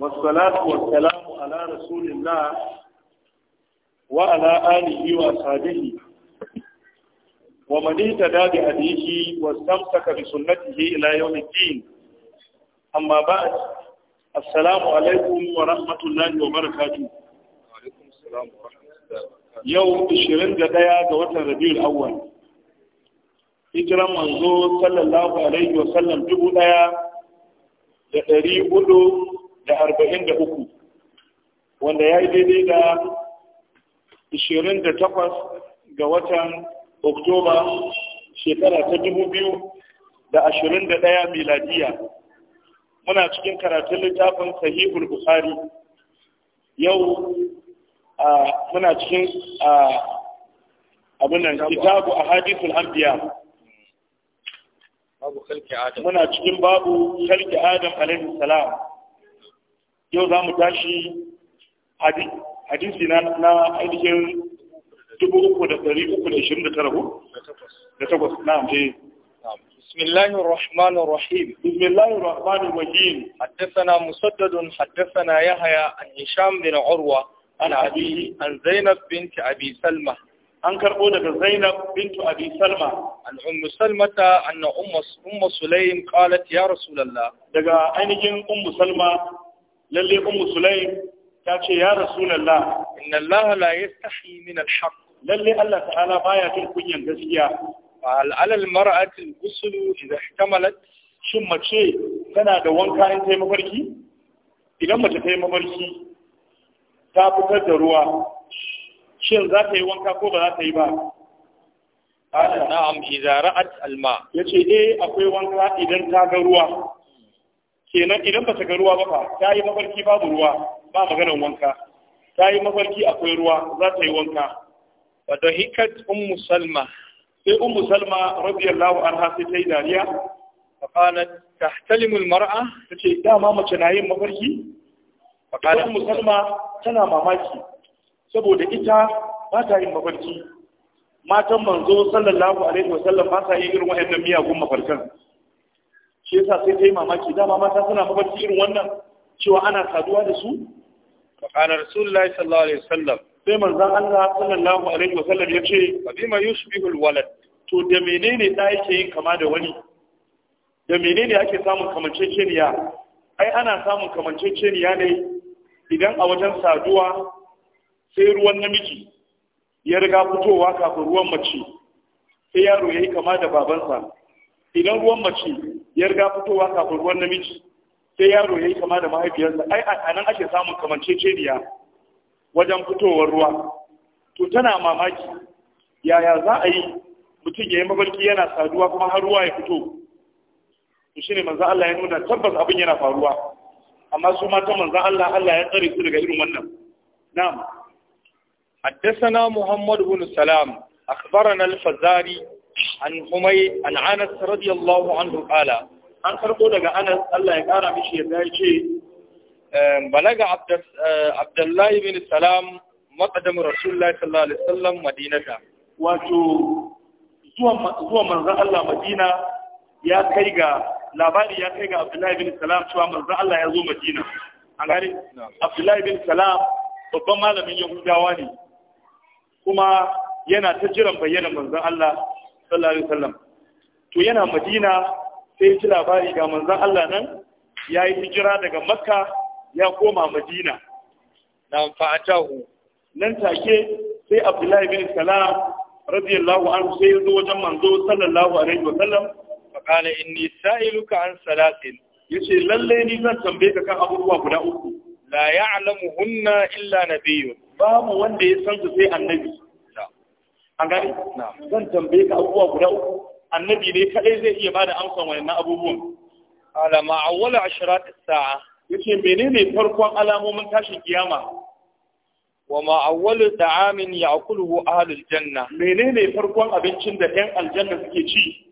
والصلاة والسلام على رسول الله وعلى آله وأصحابه ومن اهتدى بهديه واستمسك بسنته إلى يوم الدين أما بعد السلام عليكم ورحمة الله وبركاته وعليكم السلام ورحمة الله يوم الشرين جدايا watan Rabiul الأول hijiran manzo sallallahu alaihi wasallam dubu daya da ɗari hudu da arba'in da uku wanda ya yi daidai da ishirin da takwas ga watan oktoba shekara ta dubu biyu da ashirin da ɗaya miladiya muna cikin karatun littafin sahihul bukhari yau muna cikin abin nan kitabu a hadisul anbiya muna cikin babu kalki adam alaihi salam yau za mu tashi hadisi na ainihin dubu uku da ɗari uku da da da takwas na amfani بسم الله الرحمن الرحيم بسم الله الرحمن الرحيم حدثنا مسدد حدثنا يحيى عن هشام بن عروة عن أبي عن زينب بنت أبي سلمة an karbo daga Zainab bintu Abi Salma an ummu Salmata anna ummu ummu Sulaim qalat ya Rasulullah daga ainihin ummu Salma lalle ummu sulaim ta ce ya rasulullah inna allaha la yastahi min al lalle Allah ta'ala baya jin kunyan gaskiya fa al-alal mar'ati al idha ihtamalat shin mace tana da wanka in kai mafarki idan mace kai mafarki ta fitar da ruwa shin za ta yi wanka ko ba za ta yi ba qala na'am idza ra'at al-ma yace eh akwai wanka idan ta ga ruwa kenan idan ba ta ga ruwa ba fa ta yi mafarki babu ruwa ba maganar wanka ta yi mafarki akwai ruwa za ta yi wanka wa hikat ummu salma sai ummu salma radiyallahu anha sai ta yi dariya fa qalat tahtalimul mar'a tace dama mace na yin mafarki fa kana ummu salma tana mamaki saboda ita ba ta yin mafarki matan manzo sallallahu alaihi wasallam ba ta yi irin wa'annan miyagun mafarkan shi yasa sai ta yi mamaki dama mata suna mabarci irin wannan cewa ana saduwa da su فقال رسول الله صلى الله sai manzon Allah sallallahu alaihi wasallam ya ce bima yushbihu alwalad to da menene da yake yin kama da wani da menene ake samun kamanceceniya ai ana samun kamanceceniya ne idan a wajen saduwa sai ruwan namiji ya riga fitowa kafin ruwan mace sai yaro yayi kama da babansa idan ruwan mace ya riga fitowa kafin ruwan namiji sai yaro ya yi kama da mahaifiyarsa ai a nan ake samun kamanceceniya wajen fitowar ruwa to tana mamaki yaya za a yi mutum ya yi yana saduwa kuma har ruwa ya fito to shine manzo Allah ya nuna tabbas abin yana faruwa amma su mata manzo Allah Allah ya tsare su daga irin wannan na'am حدثنا محمد بن سلام أخبرنا الفزاري an humay an anas radiyallahu anhu qala an karbo daga anas Allah ya kara mishi yadda ya ce balaga abdullahi bin salam maqdam rasulullahi sallallahu alaihi wasallam madinata wato zuwa manzan Allah madina ya kai ga labari ya kai ga abdullahi bin salam cewa manzan Allah ya zo madina an gari abdullahi bin salam babban malamin yahudawa ne kuma yana ta jiran bayyana manzan Allah sallallahu alaihi wasallam to yana madina sai ji labari ga manzon Allah nan ya yi hijira daga makka ya koma madina na fa'atahu nan take sai abdullahi bin salam radiyallahu anhu sai ya zo wajen manzo sallallahu alaihi wasallam fa qala inni sa'iluka an salatin yace lalle ni zan tambaye ka kan abubuwa guda uku la ya'lamuhunna illa nabiyyun babu wanda ya san su sai annabi an gane zan tambaye ka abubuwa guda uku annabi ne kadai zai iya bada amsan wannan abubuwan alama awwala ashrat sa'a yace menene farkon alamomin tashin kiyama wa ma awwalu ta'amin ya'kuluhu ahlul janna menene farkon abincin da ɗan aljanna suke ci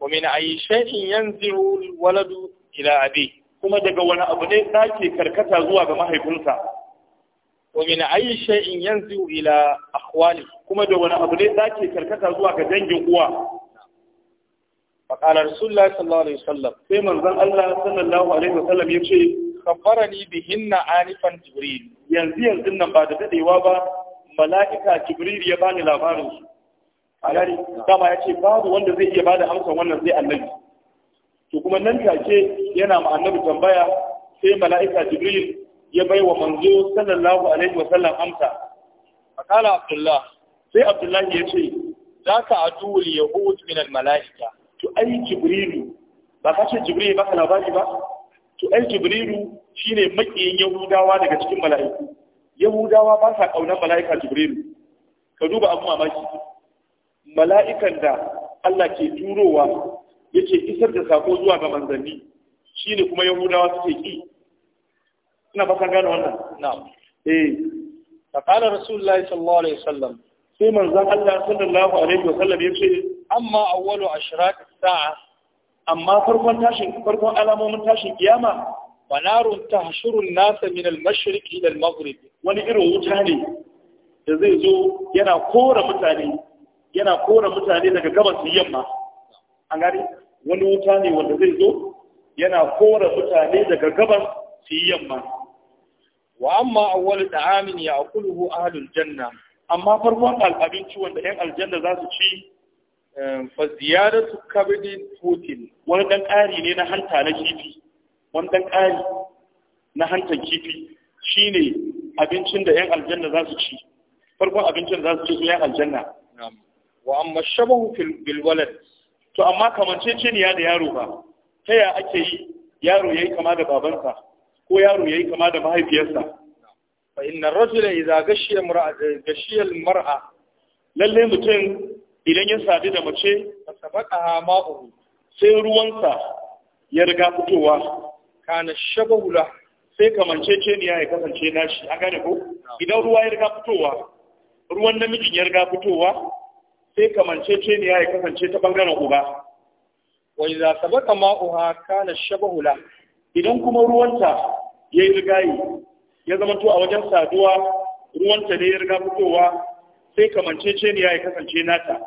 wa min ayi shay'in yanziru waladu ila abi kuma daga wani abu ne sake karkata zuwa ga mahaifinsa ومن أي شيء shay'in yanzu ila كما kuma da wani abu ne zake karkata zuwa ga dangin uwa صلى الله عليه وسلم في wasallam sai manzon Allah sallallahu alaihi wasallam ya ce kabbarani bihinna anifan jibril yanzu yanzu nan ba da dadewa ba mala'ika ya bani labarin su dama ya ce babu wanda zai iya bada amsa wannan zai annabi to kuma nan take yana ma'anar tambaya sai mala'ika jibril ya bai wa manzo sallallahu alaihi wasallam amsa fakala abdullah sai abdullahi ya ce za ka aduwul yahud min al mala'ika to ai jibril ba ka ce jibril ba ka labari ba to ai jibril shine makiyin yahudawa daga cikin mala'iku yahudawa ba sa kaunar mala'ika jibril ka duba abun mamaki mala'ikan da Allah ke turowa yake isar da sako zuwa ga manzanni shine kuma yahudawa suke ki ina ba gano gane wannan na'am eh fa qala rasulullahi sallallahu alaihi wasallam sai manzon Allah sallallahu alaihi wasallam ya ce amma awwalu ashraq sa'a amma farkon tashin farkon alamomin tashin kiyama fanarun tahshuru an-nas min al-mashriq ila al-maghrib wani irin wuta ne da zai zo yana kora mutane yana kora mutane daga gabas da yamma an gari wani wuta ne wanda zai zo yana kora mutane daga gabas su yi yamma wa amma awwal ta'amin ya'kuluhu ahlul janna amma farkon abinci wanda ɗan aljanna za su ci eh, fa ziyaratu kabdi protein wani dan ƙari ne na hanta na kifi wani dan ƙari na hantan kifi shine abincin da ɗan aljanna za su ci farkon abincin da za su ci su ɗan aljanna wa amma shabahu fil walad to amma kamanceceniya da yaro ba ta ya ake yi yaro yayi kama da babansa ko yaro yayi kama da mahaifiyarsa fa inna rajula idza gashiya gashiya mar'a lalle mutum idan ya sadu da mace sabaqaha ma'u sai ruwansa ya riga fitowa kana sai kamance sai kamanceceniya ya kasance nashi an gane ko idan ruwa ya riga fitowa ruwan namijin ya riga fitowa sai kamanceceniya ya kasance ta bangaren uba wa idza sabaqa ma'uha kana shabula idan kuma ruwanta ya yi rigayi ya zama to a wajen saduwa ruwanta ne ya riga fitowa sai kamanceceniya ya kasance nata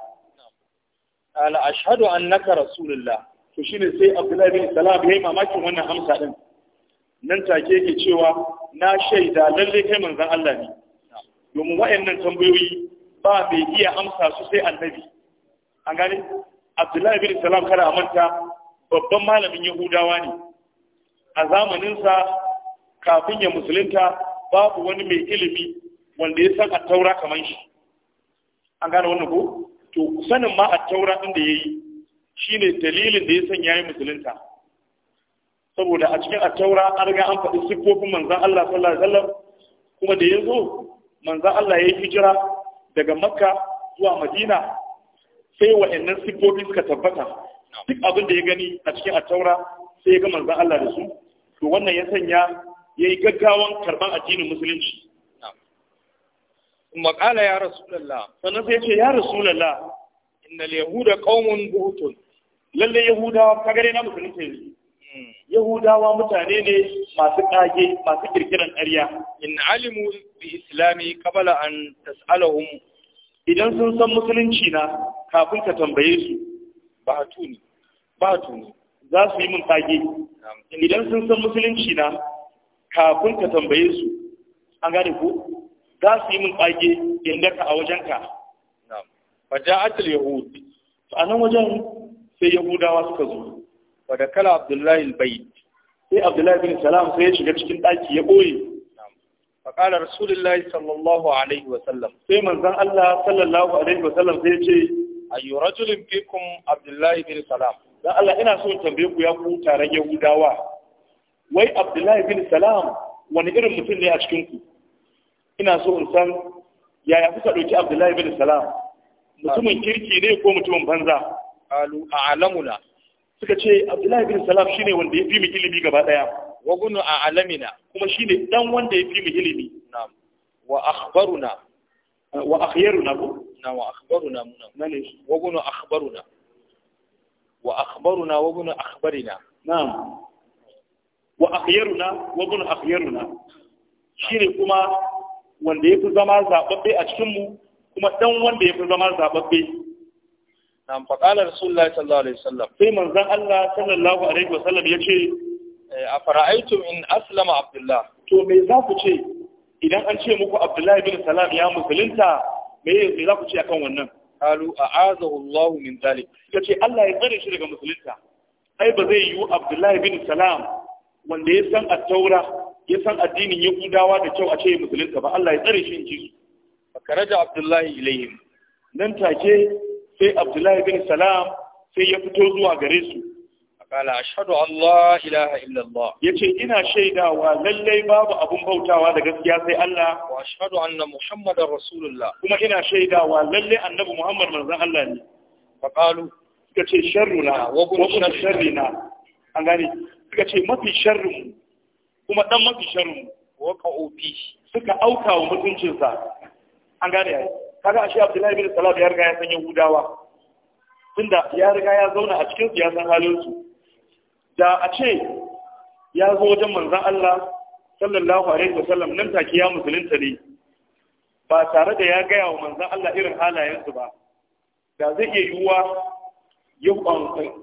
ala ashhadu annaka rasulullah to shine sai abdullahi bin salam yayi mamakin wannan amsa din nan take yake cewa na shaida lalle kai manzon Allah ne domin wayannan tambayoyi ba mai iya amsa su sai annabi an gane abdullahi bin salam kada a manta babban malamin yahudawa ne a zamaninsa kafin ya musulunta babu wani mai ilimi wanda ya san attaura kamar shi an gane wannan ko to sanin ma attaura din da yayi shine dalilin da ya san yayi musulunta saboda a cikin attaura an riga an faɗi siffofin manzon Allah sallallahu alaihi wasallam kuma da yazo manzon Allah yayi hijira daga Makka zuwa Madina sai wa'annan siffofi suka tabbata duk abin da ya gani a cikin attaura sai ya ga manzon Allah da su to wannan ya sanya ya yi gaggawan karɓar addinin musulunci maƙala ya rasulallah sannan sai ce ya rasulallah innal yahuda ƙaunin buhutun lalle yahudawa kagare na musulunci ne hmm. yahudawa mutane ne masu ƙage, masu kirkiran ƙarya in alimu bi islami kabala an tas'alahum idan sun san musulunci na kafin ka tambaye su ba tuni ba tuni za su yi mun ƙage. idan sun san musulunci na kafin ka tambaye su an gane ku. za su yi min ƙage ka a wajenka ja'atul yahud to anan wajen sai yahudawa suka zo fa da kala abdullahi albayt sai abdullahi bin salam sai ya shiga cikin daki ya boye fa qala rasulullahi sallallahu alaihi wa sallam sai manzon Allah sallallahu alaihi wa sallam sai ya ce ayu rajulin fikum abdullahi bin salam dan Allah ina so tambaye ku ya ku tare yahudawa wai abdullahi bin salam wani irin mutum ne a cikinku ina so in san yaya kuka ɗauki abdullahi bin salam mutumin kirki ne ko mutumin banza a alamuna suka ce abdullahi bin salam shine wanda ya fi mu ilimi gaba ɗaya wa gunu a alamina kuma shine dan wanda ya fi mu ilimi na'am wa akhbaruna wa akhyaruna ko na wa akhbaruna mun nan wa gunu akhbaruna wa akhbaruna wa gunu akhbarina na'am wa akhyaruna wa bun akhyaruna shine kuma wanda yafi zama zababbe a cikin mu kuma dan wanda yafi zama zababbe nan fa qala rasulullahi sallallahu alaihi wasallam sai manzon Allah sallallahu alaihi wasallam yace eh, a fara'aitum in aslama abdullah to me za ku ce idan an ce muku abdullahi bin salam ya musulunta me za ku ce akan wannan qalu a'azahu Allah min zalik yace Allah ya tsare shi daga musulunta ai ba zai yiwu abdullahi bin salam wanda ya san attaura ya san addinin yahudawa da kyau a ce musulunta ba Allah ya tsare shi in ji su fakaraja abdullahi ilayhim nan take sai abdullahi bin salam sai ya fito zuwa gare su kala ashhadu an la ilaha illa Allah yace ina shaidawa lallai babu abun bautawa da gaskiya sai Allah wa ashhadu anna muhammadar rasulullah kuma ina shaidawa lallai annabi muhammad manzon Allah ne faqalu suka kace sharruna wa kun sharrina an gane suka ce mafi sharrin kuma dan mafi sharrin wa qaufi suka auka wa mutuncinsa an gane ya kaga ashe Abdullahi bin Salam ya riga ya san Yahudawa tunda ya riga ya zauna a cikin ya halinsu. da a ce ya zo wajen manzon Allah sallallahu alaihi wasallam nan take ya musulunta ne ba tare da ya gaya wa manzon Allah irin halayensu ba da zai iya yiwuwa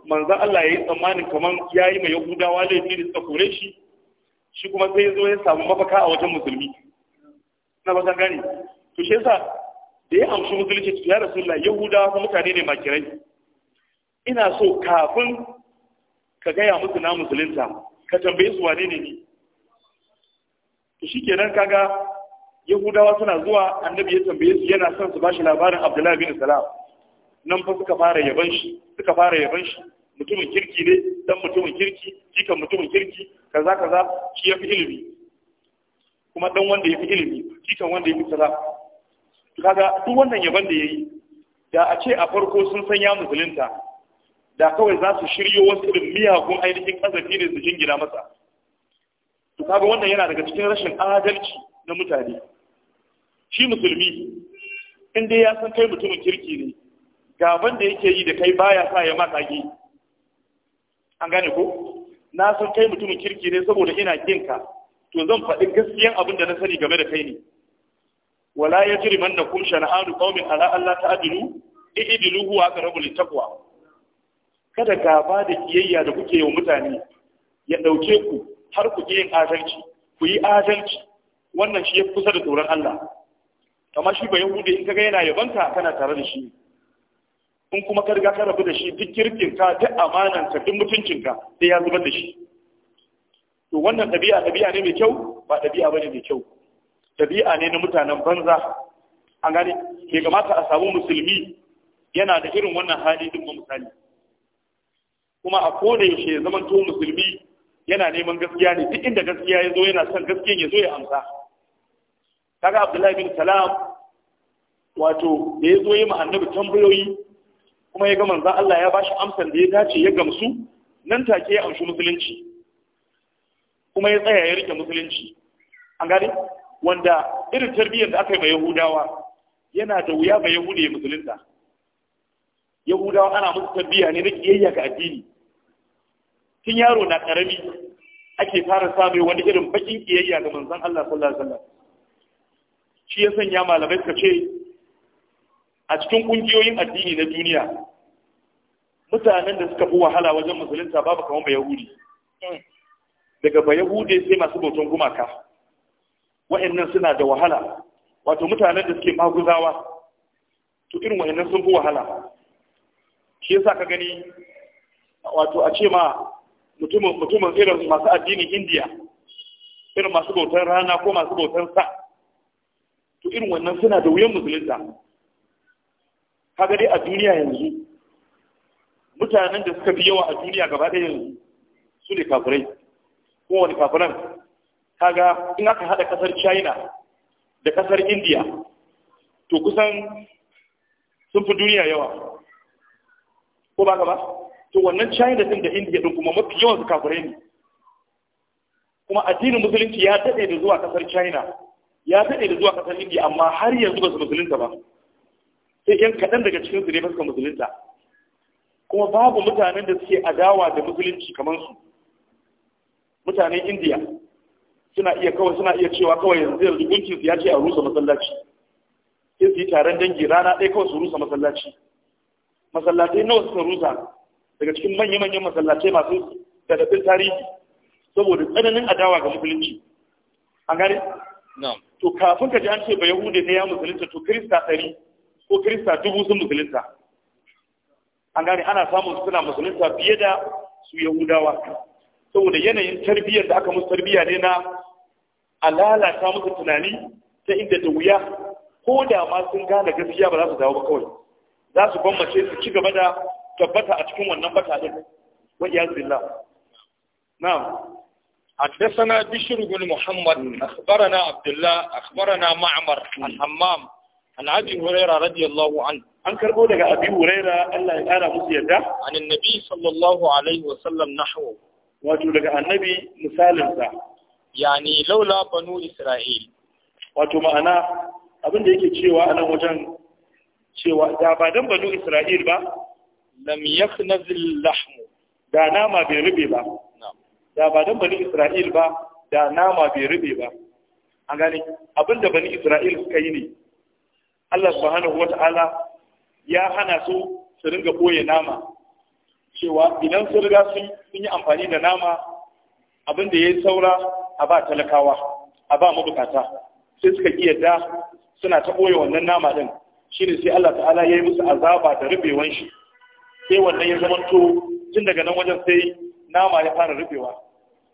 manzan Allah ya yi tsammanin kamar ya yi mai yahudawa laifi da suka kore shi shi kuma sai zo ya samu mafaka a wajen musulmi na ba san gane to shi yasa da ya amshi musulunci ya Allah yahudawa kuma mutane ne makirai ina so kafin ka gaya musu na musulunta ka tambaye su wane ne ni to shi kenan kaga yahudawa suna zuwa annabi ya tambaye su yana son su bashi labarin abdullahi bin salam nan fa suka fara yaban shi suka fara yaban shi mutumin kirki ne dan mutumin kirki jikan mutumin kirki kaza kaza shi ya fi ilimi kuma dan wanda ya fi ilimi jikan wanda ya fi kaza kaga duk wannan yaban da yayi da a ce a farko sun san ya musulunta da kawai za su shiryo wasu irin miyagun ainihin kazafi ne su jingina masa to kaga wannan yana daga cikin rashin adalci na mutane shi musulmi in dai ya san kai mutumin kirki ne Ga gaban da yake yi da kai baya sa ya maka gi an gane ko na san kai mutumin kirki ne saboda ina kin ka to zan faɗi gaskiyan abin da na sani game da kai ne wala yajrimannakum shana'anu qaumin ala alla ta'dilu i'dilu huwa aqrabu littaqwa kada gaba da kiyayya da kuke wa mutane ya ɗauke ku har ku yin adalci ku yi adalci wannan shi ya kusa da tsoron Allah kamar shi ba hudu in kaga yana yabanka kana tare da shi in kuma ka riga ka rabu da shi duk kirkinka duk amanan ka duk ka sai ya zubar da shi to wannan ɗabi'a ɗabi'a ne mai kyau ba ɗabi'a bane mai kyau ɗabi'a ne na mutanen banza an gane bai kamata a samu musulmi yana da irin wannan hali din misali kuma a koda yaushe ya zama to musulmi yana neman gaskiya ne duk inda gaskiya ya zo yana son gaskiyan ya zo ya amsa kaga abdullahi bin salam wato da ya zo yi ma annabi tambayoyi kuma ya ga manzan Allah ya bashi amsar da ya dace ya gamsu nan take ya amshi musulunci kuma ya tsaya ya rike musulunci an gane wanda irin tarbiyyar da aka yi ma yahudawa yana da wuya ga yahuda ya musulunta yahudawa ana musu tarbiyya ne na kiyayya ga addini tun yaro na karami ake fara samun wani irin bakin kiyayya ga manzan Allah sallallahu alaihi wasallam shi ya sanya malamai suka ce a cikin kungiyoyin addini na duniya mutanen da suka fi wahala wajen musulunta babu kamar ba yahudi eh. daga ba yahudi sai masu bautan gumaka wa'annan suna da wahala wato mutanen da suke maguzawa to irin wa'annan sun fi wahala shi yasa ka gani wato a ce ma mutumin irin masu addinin indiya irin masu bautan rana ko masu bautan sa to irin wannan suna da wuyan musulunta kaga dai a duniya yanzu mutanen da suka fi yawa a duniya gaba ɗaya yanzu su ne kafirai wani kafiran kaga in aka haɗa ƙasar china da ƙasar india to kusan sun fi duniya yawa ko ba ka ba to wannan china din da india din kuma mafi yawan su kafirai ne kuma addinin musulunci ya daɗe da zuwa ƙasar china ya daɗe da zuwa ƙasar india amma har yanzu ba su musulunta ba sai yan kaɗan daga cikin su ne suka musulunta kuma babu mutanen da suke adawa da musulunci kamar su mutanen indiya suna iya kawai suna iya cewa kawai yanzu yanzu gunkin ya ce a rusa masallaci sai su yi taron dangi rana ɗaya kawai su rusa masallaci masallatai nawa suka rusa daga cikin manya-manyan masallatai masu daɗaɗɗin tarihi saboda tsananin adawa ga musulunci an gane to kafin ka ji an ce ba yahude ne ya musulunta to kirista ɗari ko kirista dubu sun musulunta an gane ana samun suna musulunta fiye da su yahudawa saboda yanayin tarbiyyar da aka musu tarbiyya ne na a lalata musu tunani ta inda da wuya ko da ma sun gane gaskiya ba za su dawo ba kawai za su bambace su ci gaba da tabbata a cikin wannan bata din wa iyaz billah na'am حدثنا بشر بن محمد اخبرنا عبد الله اخبرنا معمر عن حمام an abi huraira radiyallahu an an karbo daga abi huraira Allah ya kara musu yadda an annabi sallallahu alaihi wa sallam nahwu wato daga annabi misalin sa yani laula banu isra'il wato ma'ana abin da yake cewa a wajen cewa da ba dan banu isra'il ba lam yaknaz al da nama bai rube ba da ba dan banu isra'il ba da nama bai rube ba an gane abin da banu isra'il suka yi ne Allah subhanahu wata'ala ya hana su su ringa boye nama cewa idan su riga sun yi amfani da nama abin da ya yi saura a ba talakawa a ba mabukata sai suka ƙi yadda suna ta boye wannan nama din shine sai Allah ta'ala ya yi musu azaba da rubewan shi sai wannan ya zama zamanto tun daga nan wajen sai nama ya fara rubewa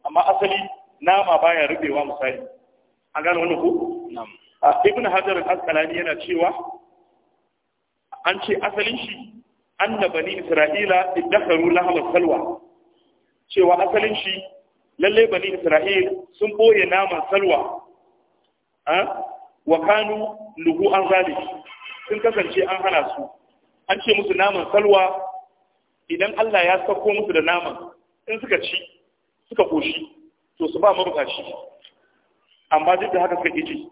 amma asali nama baya rubewa misali an gane wannan ku na'am ibn hajar al-asqalani yana cewa an ce asalin shi anna bani isra'ila iddakharu lahal salwa cewa asalin shi lalle bani isra'il sun boye naman salwa a wa kanu luhu an zalik sun kasance an hana su an ce musu naman salwa idan Allah ya sako musu da nama, in suka ci suka koshi to su ba mabukaci amma duk da haka suka ji.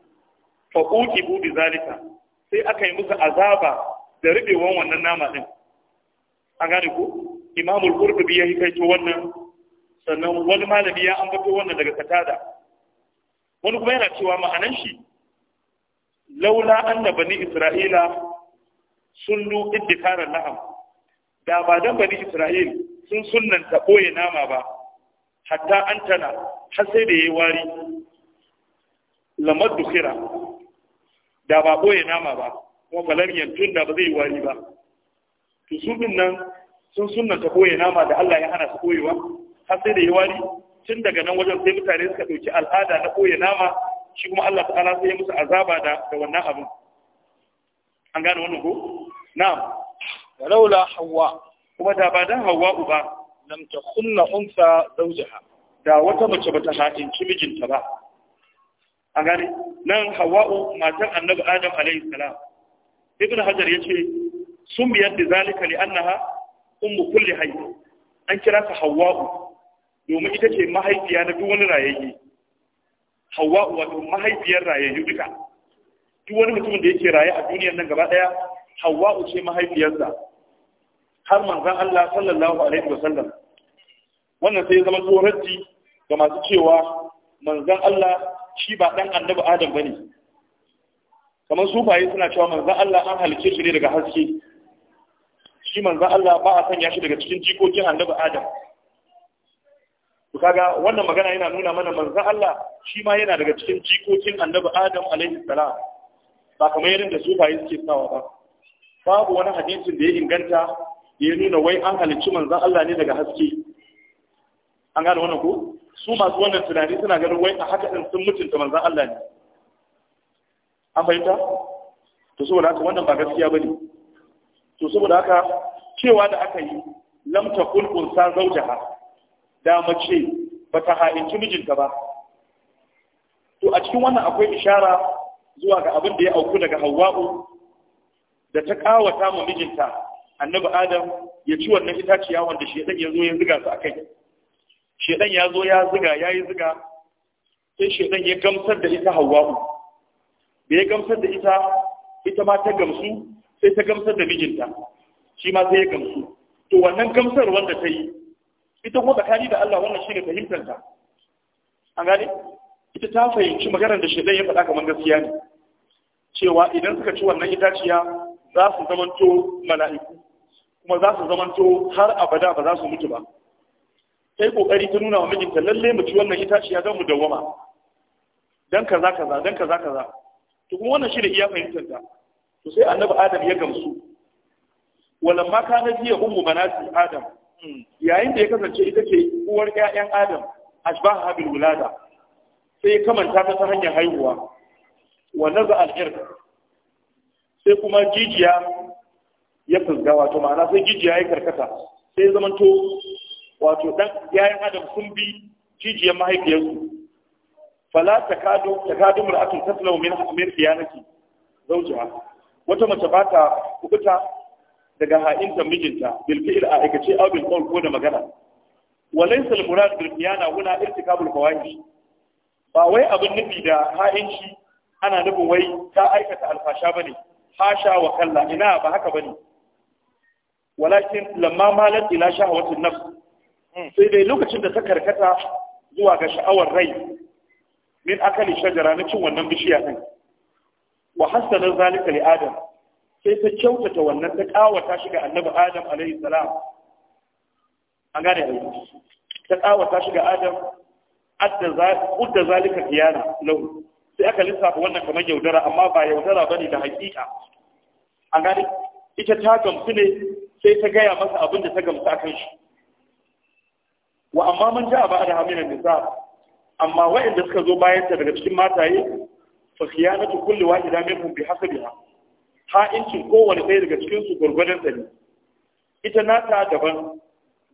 fa bu bi zalika sai aka yi musu azaba da rubewan wannan nama din an gane ku imamu al-qurtubi ya hikaito wannan sannan wani malami ya ambato wannan daga katada wani kuma yana cewa ma'anan shi laula anna bani isra'ila sunnu iddikaran na'am da ba dan bani isra'il sun sunnanta boye nama ba hatta antana har sai da yayi wari lamad dukhira da ba ɓoye nama ba kuma falam yantun da ba zai yi wari ba to su din nan sun sunanta ɓoye nama da Allah ya hana su ɓoyewa har sai da ya wari tun daga nan wajen sai mutane suka ɗauki al'ada na ɓoye nama shi kuma Allah ta ala sai ya musu azaba da da wannan abin an gane wannan ko na'am walaula hawa kuma da ba dan hawa uba lam takhunna unsa zawjaha da wata mace bata haɗinci mijinta ba an gane nan hawa'u matan annabi adam alaihi salam ibn hajar yace sun biyar da zalika li annaha ummu kulli hayy an kira ta hawa'u domin ita ce mahaifiya na duk wani rayayye hawa'u wato mahaifiyar rayayye duka duk wani mutum da yake raye a duniyar nan gaba daya hawa'u ce mahaifiyarsa har manzon Allah sallallahu alaihi wasallam wannan sai ya zama tsoron ga masu cewa manzon Allah shi ba ɗan annabi adam ba ne kamar sufaye suna cewa manzan Allah an halice shi ne daga haske shi manzan Allah ba a sanya shi daga cikin jikokin annabi adam to kaga wannan magana yana nuna mana manzan Allah shi ma yana daga cikin jikokin annabi adam alaihi salam ba kamar yadda sufaye suke sawa ba babu wani hadisin da ya inganta ya nuna wai an halicci manzan Allah ne daga haske an gane wannan ko su masu wannan tunani suna ganin wai a haka din sun mutunta manzan Allah ne an fahimta to saboda haka wannan ba gaskiya ba ne. to saboda haka cewa da aka yi lamta kulkun sa zauja ha da mace ta ha'inci mijinta ba to a cikin wannan akwai ishara zuwa ga abin da ya auku daga Hawwa'u da ta kawata mu mijinta annabi Adam ya ci wannan itaciya wanda shi ya zo ya zuga su a kai. shedan ya zo ya ziga ya yi ziga sai shedan ya gamsar da ita hawa'u da ya gamsar da ita ita ma ta gamsu sai ta gamsar da mijinta shi ma sai ya gamsu to wannan gamsar wanda ta yi ita kuma tsakani da Allah wannan shi ne fahimtarta an gane ita ta fahimci maganar da shedan ya faɗa kamar gaskiya ne cewa idan suka ci wannan itaciya za su zamanto mala'iku kuma za su zamanto har abada ba za su mutu ba sai kokari ta nuna wa mijinta lalle mu ci wannan itaciya don mu dawwama dan kaza kaza dan kaza kaza to kuma wannan shi da iya fahimtar ta to sai annabi adam ya gamsu ka na jiya ummu banati adam yayin da ya kasance ita ce uwar ƴaƴan adam ashbaha bil wulada sai ya kamanta ta ta hanyar haihuwa wa naza al sai kuma jijiya ya fusga wato ma'ana sai jijiya ya karkata sai ya zamanto wato dan yayin adam sun bi cijiyar mahaifiyarsu fala takadu takadu mar'atun taslamu min amir khiyanati zawjiha wata mace ba ta kubuta daga ha'inta mijinta bil fi'l a aikace aw bil qawl ko da magana walaysa al murad bil khiyana huna irtikabul fawahish ba wai abin nufi da ha'inci ana nufin wai ta aikata alfasha bane hasha wa kalla ina ba haka bane walakin lamma malat ila shahwatin nafs sai dai lokacin da ta karkata zuwa ga sha'awar rai min akali shajara na cin wannan bishiya ɗin wa hasana zalika li adam sai ta kyautata wannan ta kawata shi ga annabi adam alaihi salam an gane ai ta kawata shi ga adam adda zalika kiyana lahu sai aka lissafa wannan kamar yaudara amma ba yaudara bane da haƙiƙa an gane ita ta gamsu ne sai ta gaya masa abin da ta gamsu akan shi wa amma man ja'a ba da hamilan nisa amma waɗanda suka zo bayan ta daga cikin mataye fa khiyanatu kulli wahida minhum bi hasabiha ha ko wani ɗaya daga cikin su gurgurdan ta ne ita nata daban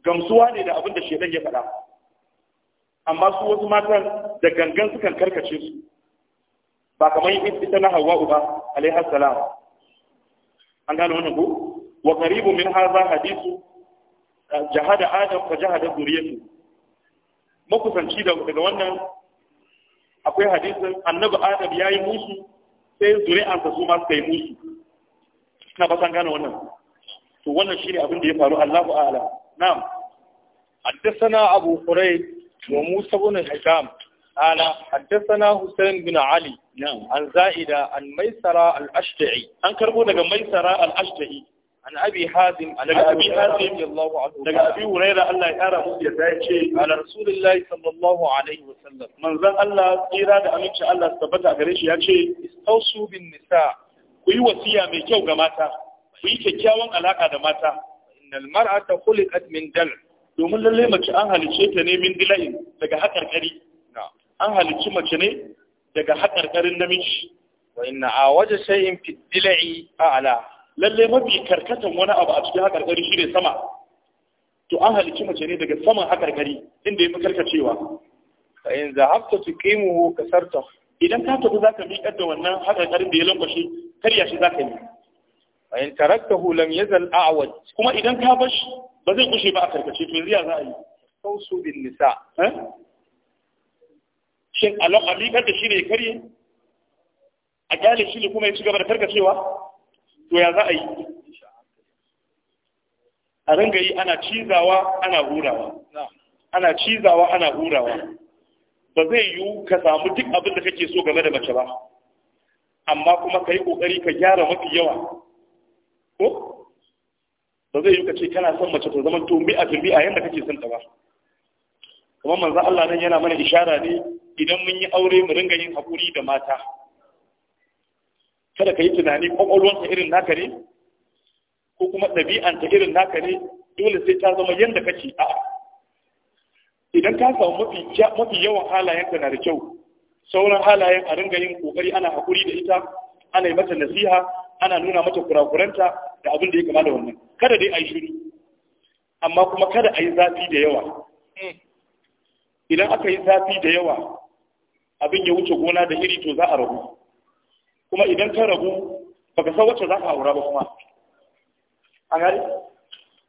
gamsuwa ne da abin da shedan ya faɗa amma su wasu matan da gangan sukan karkace su ba kamar ita na hawa uba, alaihi salam an gane wannan ko wa qaribu min hadha hadithu jahada adam ko jahada zuriyatu makusanci daga wannan akwai hadisin annabi adam ya yi musu sai zuri'ansa su ma suka musu na basan gane wannan to wannan shine abin da ya faru Allahu ala. na'am حدثنا أبو خريج وموسى بن الحكام قال حدثنا حسين بن علي نعم عن زائدة عن ميسرة الأشتعي أنكر بنا ميسرة الأشتعي an abi hazim daga abi hazim yallahu anhu daga abi huraira Allah ya kara musu yadda ya ce ala rasulillahi sallallahu alaihi wa sallam manzon Allah tsira da aminci Allah tabbata gare shi ya ce istausu bin nisa ku yi wasiya mai kyau ga mata ku yi kyakkyawan alaka da mata innal mar'ata khuliqat min dal domin lalle mace an halice ta ne min dila'in daga hakarkari an halici mace ne daga hakarkarin namiji wa inna sai in fi dila'i a'la lalle mafi karkatan wani abu a cikin haƙarƙari shi ne sama to an halicci mace ne daga saman haƙarƙari inda ya fi karkacewa fa in zahabta tuqimuhu kasarta idan ka tafi zaka miƙar da wannan haƙarƙarin da ya lankwashe karya shi za zaka yi fa in taraktahu lam yazal a'waj kuma idan ka bar ba zai kushe ba a karkace to yanzu za a yi sausu bin nisa eh? shin alaƙa miƙar da shi ne karye a kyale shi ne kuma ya ci gaba da karkacewa to ya za a yi a ringa yi ana cizawa ana hurawa ana cizawa ana hurawa ba zai yiwu ka samu duk abin da kake so game da mace ba amma kuma ka yi ƙoƙari ka gyara mafi yawa ko ba zai yiwu ka ce kana son mace ta zama to a fi a yadda kake son ta ba kamar manzo Allah nan yana mana ishara ne idan mun yi aure mu ringa yin haƙuri da mata kada ka yi tunani kwakwalwanka irin naka ne ko kuma ɗabi'anta irin naka ne dole sai ta zama yadda ka kake a idan ka samu mafi yawan halayenta na da kyau sauran halayen a ringa yin kokari ana haƙuri da ita ana yi mata nasiha ana nuna mata kurakuranta da abin da ya kama da wannan kada dai a yi shiru amma kuma kada a yi zafi da yawa idan aka yi zafi da yawa abin ya wuce gona da iri to za a rabu kuma idan ka rabu baka san wacce za ka aura ba kuma a gari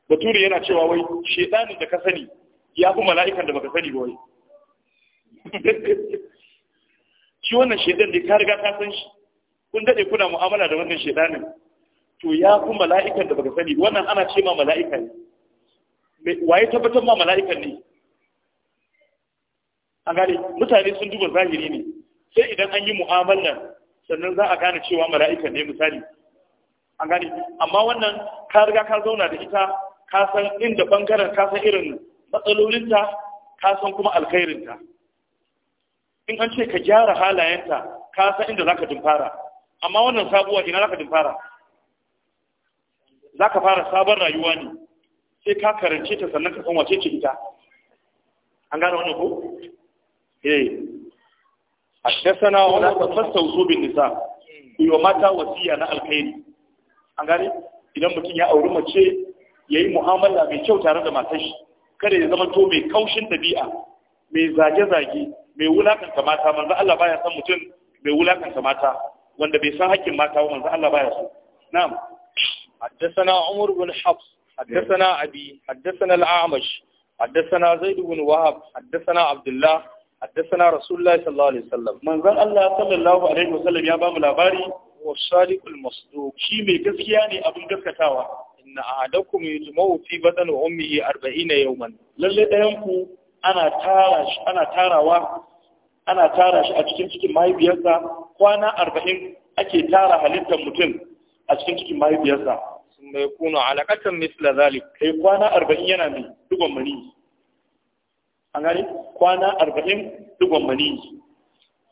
bature yana cewa wai shedanin da ka sani ya fi mala'ikan da baka sani ba wai shi wannan shedan da ka riga ka san shi kun dade kuna mu'amala da wannan shedanin to ya fi mala'ikan da baka sani wannan ana ce ma mala'ika ne waye tabbatar ma mala'ikan ne a gari mutane sun duba zahiri ne sai idan an yi mu'amalar sannan za a gane cewa mala'ikan ne misali an gane amma wannan ka riga ka zauna da ita ka san inda bangaren ka san irin matsalolinta ka san kuma alkhairinta in an ce ka gyara halayenta ka san inda zaka dumfara amma wannan sabuwa ina zaka dumfara zaka fara sabon rayuwa ne sai ka karance ta sannan ka san wace ce ita an gane wannan ko eh haddasana wala ta fassausu bin nisa ku yi mata wasiya na alkhairi an gane idan mutum ya auri mace ya yi mu'amala mai kyau tare da matar shi kada ya zama to mai kaushin ɗabi'a mai zage-zage mai wulakanta mata manzo Allah baya san mutum mai wulakanta mata wanda bai san haƙƙin mata ba manzo Allah baya so na'am حدثنا Umar, بن حفص حدثنا أبي حدثنا الأعمش حدثنا زيد بن وهب حدثنا عبد الله حدثنا رسول الله صلى الله عليه وسلم من ذن الله صلى الله عليه وسلم يا بام لاباري والصادق المصدوق شي مي غسكيا ني ابن غسكتاوا ان احدكم يجمع في بدن امه 40 يوما lalle dayan ku ana tara shi ana tarawa ana tara shi a cikin cikin mahaifiyarsa kwana arba'in ake tara halittar mutum a cikin cikin mahaifiyarsa sun mai kuna alaƙatan misla zalik kai kwana arba'in yana mai duban mani an gani kwana arba'in digon maniyi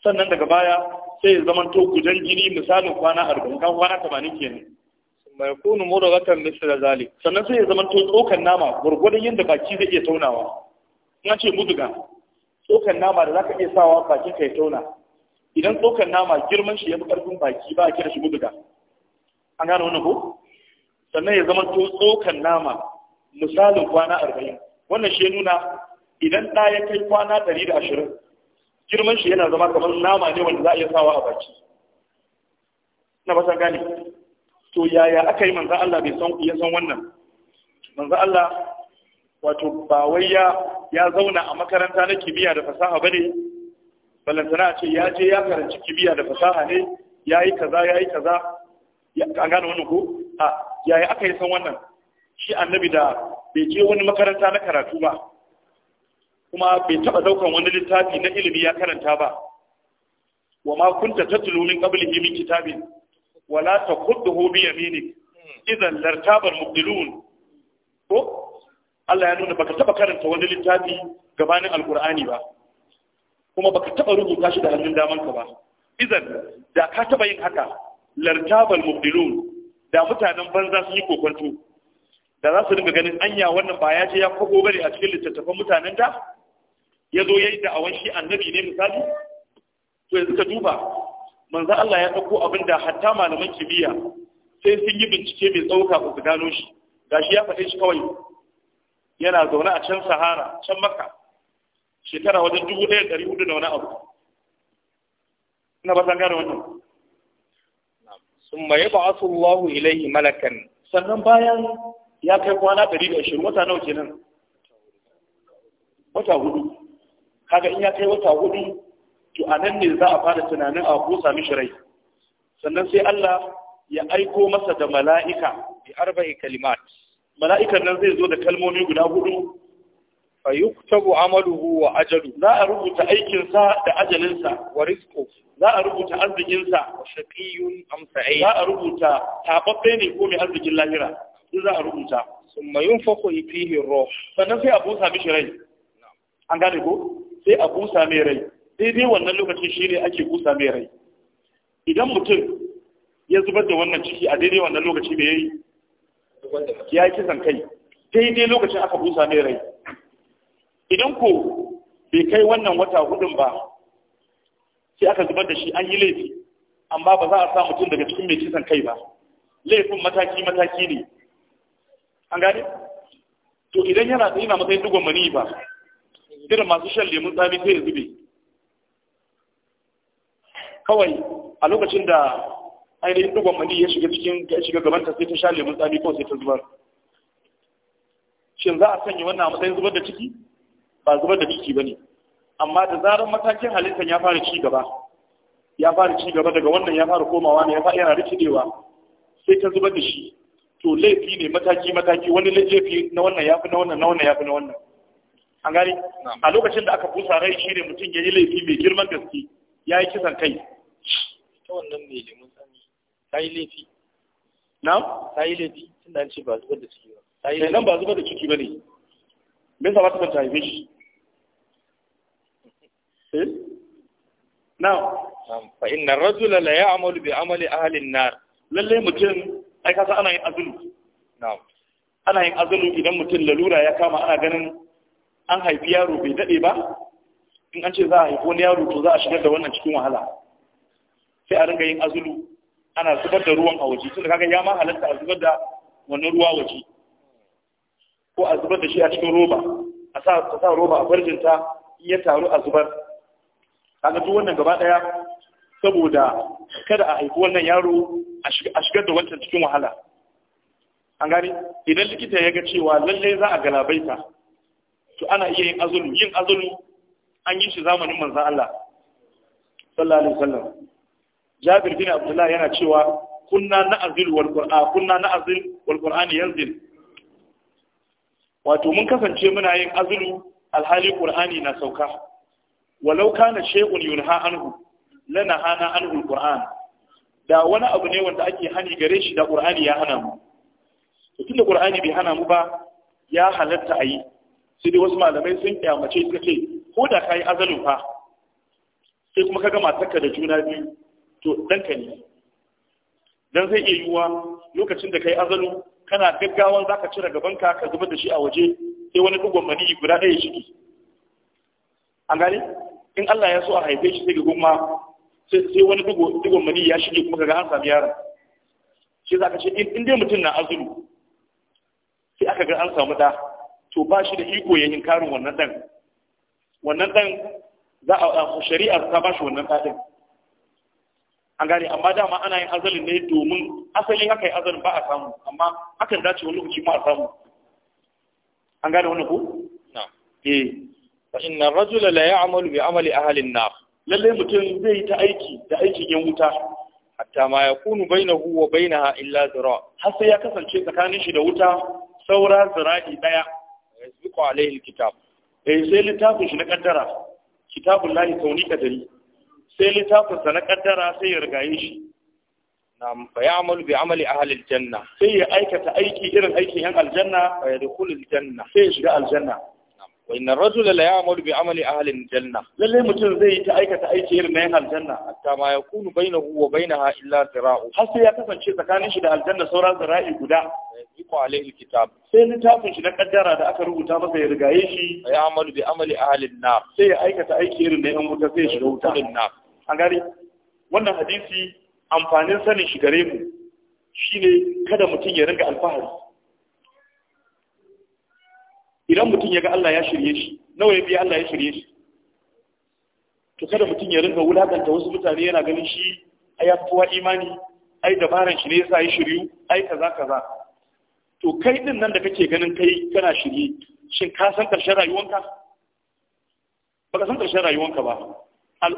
sannan daga baya sai ya zama to gudan jini misalin kwana arba'in kan kwana tamanin kenan mai kunu mura kan misir da zali sannan sai ya zama to tsokan nama gwargwadon yadda baki zai iya taunawa in ce muduga tsokan nama da zaka iya sawa bakin ka ya tauna idan tsokan nama girman shi ya fi karfin baki ba a kira shi muduga an gane wani ko sannan ya zama to tsokan nama misalin kwana arba'in wannan shi ya nuna idan ɗa ya kai kwana ɗari da ashirin girman shi yana zama kamar nama ne wanda za a iya sawa a baki na ba san gane to yaya aka yi manzan Allah bai san ya san wannan manzan Allah wato ba wai ya ya zauna a makaranta na kimiyya da fasaha bane balantana a ce ya je ya karanci kimiyya da fasaha ne ya yi kaza ya yi kaza an gane wannan ko a yaya aka yi san wannan shi annabi da bai je wani makaranta na karatu ba kuma bai taɓa ɗaukar wani littafi na ilimi ya karanta ba wa ma kunta tatlu min qabli min kitabin wala takhudduhu bi yaminik idan lartabal mubdilun ko Allah ya nuna baka taba karanta wani littafi gabanin alkur'ani ba kuma baka taba rubuta shi da hannun ka ba idan da ka taba yin haka lartabal mubdilun da mutanen banza sun yi kokonto da za su dinga ganin anya wannan ba ya je ya kwago bane a cikin littattafan mutanen da ya zo ya yi da'awan shi annabi ne misali to yanzu ka duba manzo Allah ya ɗauko abin da hatta malaman kimiyya sai sun yi bincike mai tsauka ba su gano shi gashi ya faɗe shi kawai yana zaune a can sahara can makka shekara wajen dubu ɗaya ɗari hudu da wani abu ina ba san gane wannan summa yab'athu Allahu ilaihi malakan sannan bayan ya kai kwana ɗari da ashirin wata nawa kenan wata hudu kaga in ya kai wata hudu to a nan ne za a fara tunanin a busa mishi rai sannan sai Allah ya aiko masa da mala'ika bi arba'i kalimat mala'ikan nan zai zo da kalmomi guda hudu fa yuktabu amaluhu wa ajalu za a rubuta aikin sa da ajalin sa wa rizqu za a rubuta arzikin sa wa shaqiyun am sa'id za a rubuta tababbe ne ko mai arzikin lahira duk za a rubuta summa fihi ruh sannan sai a busa mishi rai an gane ko sai a kusa mai rai daidai wannan lokacin shi ne ake kusa mai rai idan mutum ya zubar da wannan ciki a daidai wannan lokaci ya yi ya kisan kai daidai lokacin aka kusa mai rai idan ko bai kai wannan wata hudun ba sai aka zubar da shi an yi laifi amma ba za a sa mutum daga cikin mai kisan kai ba laifin mataki-mataki ne an gane to idan yana tsaye na matsayin dugon mani ba irin masu shan lemun tsami sai ya zube kawai a lokacin da ainihin dugon mani ya shiga cikin ya shiga gabanta sai ta sha lemun tsami kawai sai ta zubar shin za a sanya wannan a matsayin zubar da ciki ba zubar da biki ba ne amma da zarar matakin halittar ya fara ci gaba ya fara ci gaba daga wannan ya fara komawa ne ya fara yana rikidewa sai ta zubar da shi to laifi ne mataki mataki wani laifi na wannan ya fi na wannan na wannan ya fi na wannan an gani a lokacin da aka busa rai shi ne mutum ya yi laifi mai girman gaske ya yi kisan kai ta wannan mai limin tsami ta yi laifi na ta yi laifi tunda an ce ba zubar da ciki ba ta yi laifi ba zubar da ciki ba ne me sa ba ta ta haife shi eh? na fa inna rajula la ya'malu bi amali ahli an-nar lalle mutum ai kasa ana yin azulu na ana yin azulu idan mutum lalura ya kama ana ganin an haifi yaro bai daɗe ba in an ce za a haifi wani yaro to za a shigar da wannan cikin wahala sai a ringa yin azulu ana zubar da ruwan a waje tunda kaga ya ma halatta a zubar da wannan ruwa waje ko a zubar da shi a cikin roba a sa ta sa roba a farjinta ya taru a zubar kaga duk wannan gaba daya saboda kada a haifi wannan yaro a shigar da wancan cikin wahala an gani idan likita ya ga cewa lallai za a galabaita to ana iya yin azumi yin azumi an yi shi zamanin manzon Allah sallallahu alaihi wasallam Jabir bin Abdullah yana cewa kunna na'zil wal Qur'an kunna na'zil wal Qur'an yanzil wato mun kasance muna yin azulu alhali Qur'ani na sauka walau kana shay'un yunha anhu lana hana anhu al-Qur'an da wani abu ne wanda ake hani gare shi da Qur'ani ya hana mu tunda Qur'ani bai hana mu ba ya halatta a yi sai dai wasu malamai sun kyamace suka ce ko da ka yi azalin fa sai kuma ka gama takka da juna biyu to ɗanka ne dan zai iya yiwuwa lokacin da ka yi azalin kana gaggawan za ka cire gabanka ka zubar da shi a waje sai wani dugon mani guda ɗaya shi an gane in Allah ya so a haife shi sai ga gumma sai wani dugon mani ya shige kuma kaga an sami yaron shi za ka ce in dai mutum na azuru. sai aka ga an samu da to ba shi da iko ya karin wannan ɗan wannan ɗan za a shari'ar ta ba shi wannan dadin an gane amma dama ana yin azalin ne domin asali haka yi azalin ba a samu amma hakan dace wani lokaci ma a samu an gane wani ku? na eh fa inna rajula la ya'malu bi amali ahli an-nar lalle mutum zai yi ta aiki da aikin yan wuta hatta ma yakunu bainahu wa bainaha illa zira har sai ya kasance tsakanin shi da wuta saura zira'i daya yasbiqu alaihi alkitab eh sai littafin shi na kaddara kitabul sai littafin na kaddara sai ya rigaye shi nam fa ya'malu bi amali ahli aljanna sai ya aikata aiki irin aikin yan aljanna fa yadkhulu sai ya shiga aljanna wa inna rajula la ya'malu bi amali ahli al-janna lalle mutum zai yi ta aikata aiki irin na yan aljanna hatta ma yakunu bainahu wa bainaha illa zira'u har sai ya kasance tsakanin shi da aljanna sauran zira'i guda yiko alaihi kitab sai littafin shi na kaddara da aka rubuta masa ya rigaye shi ya amalu amali ahli an-nar sai ya aikata aiki irin wuta sai shiga wuta an gari wannan hadisi amfanin sanin shi gare mu shine kada mutum ya ringa alfahari idan mutum ya ga Allah ya shirye shi nawa ya biya Allah ya shirye shi to kada mutum ya rinka wulakanta wasu mutane yana ganin shi ai ya imani ai dabaran shi ne yasa ya shiryu ai kaza kaza to kai din nan da kake ganin kai kana shirye shin ka san karshen rayuwanka baka san karshen rayuwanka ba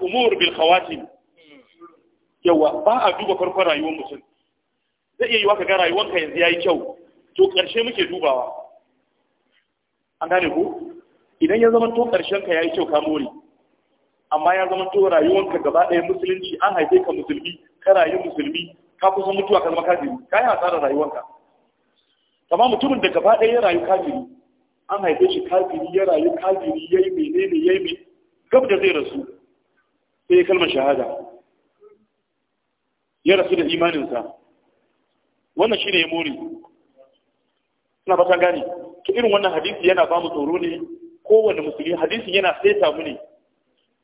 umur bil khawatim yawa ba a duba farkon rayuwar mutum zai iya yiwa ka ga rayuwanka yanzu yayi kyau to karshe muke dubawa an gane ku idan ya zama to karshen ka yayi kyau ka more amma ya zama to rayuwanka gaba ɗaya musulunci an haife ka musulmi ka rayu musulmi ka kusan mutuwa ka zama kafiri ka yi hasarar rayuwanka amma mutumin da gaba ɗaya ya rayu kafiri an haife shi kafiri ya rayu kafiri ya yi menene ya yi mai gab da zai rasu sai kalmar shahada ya rasu da imaninsa wannan shi ne ya more Ina fata gane to irin wannan hadisi yana ba mu tsoro ne kowane musulmi hadisin yana saita mu ne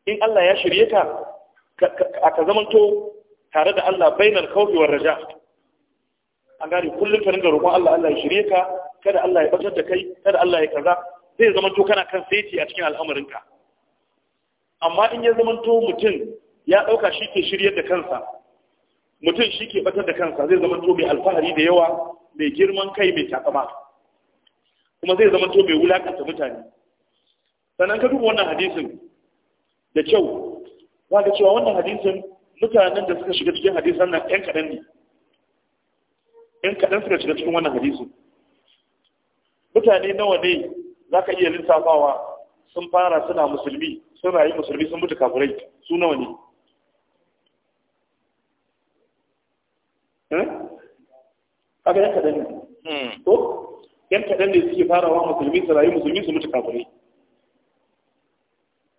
in Allah ya shirye ka ka zamanto tare da Allah bainar kawfi wa raja an gane kullum ka ringa roƙon Allah Allah ya shirye ka kada Allah ya ɓatar da kai kada Allah ya kaza zai zamanto kana kan saiti a cikin al'amarinka amma in ya zamanto mutum ya ɗauka shi ke shiryar da kansa mutum shi ke batar da kansa zai zamanto mai alfahari da yawa mai girman kai mai takama kuma zai zama to mai wulakanta mutane sannan ka duba wannan hadisin da kyau za ka cewa wannan hadisin mutanen da suka shiga cikin hadisan nan ɗan kaɗan ne ɗan kaɗan suka shiga cikin wannan hadisin mutane nawa ne za ka iya lissafawa sun fara suna musulmi sun rayu musulmi sun mutu kafirai su nawa ne eh? kaga ɗan kaɗan ne hmm. yan kaɗan ne suke farawa musulmi su rayu musulmi su mutu kafirai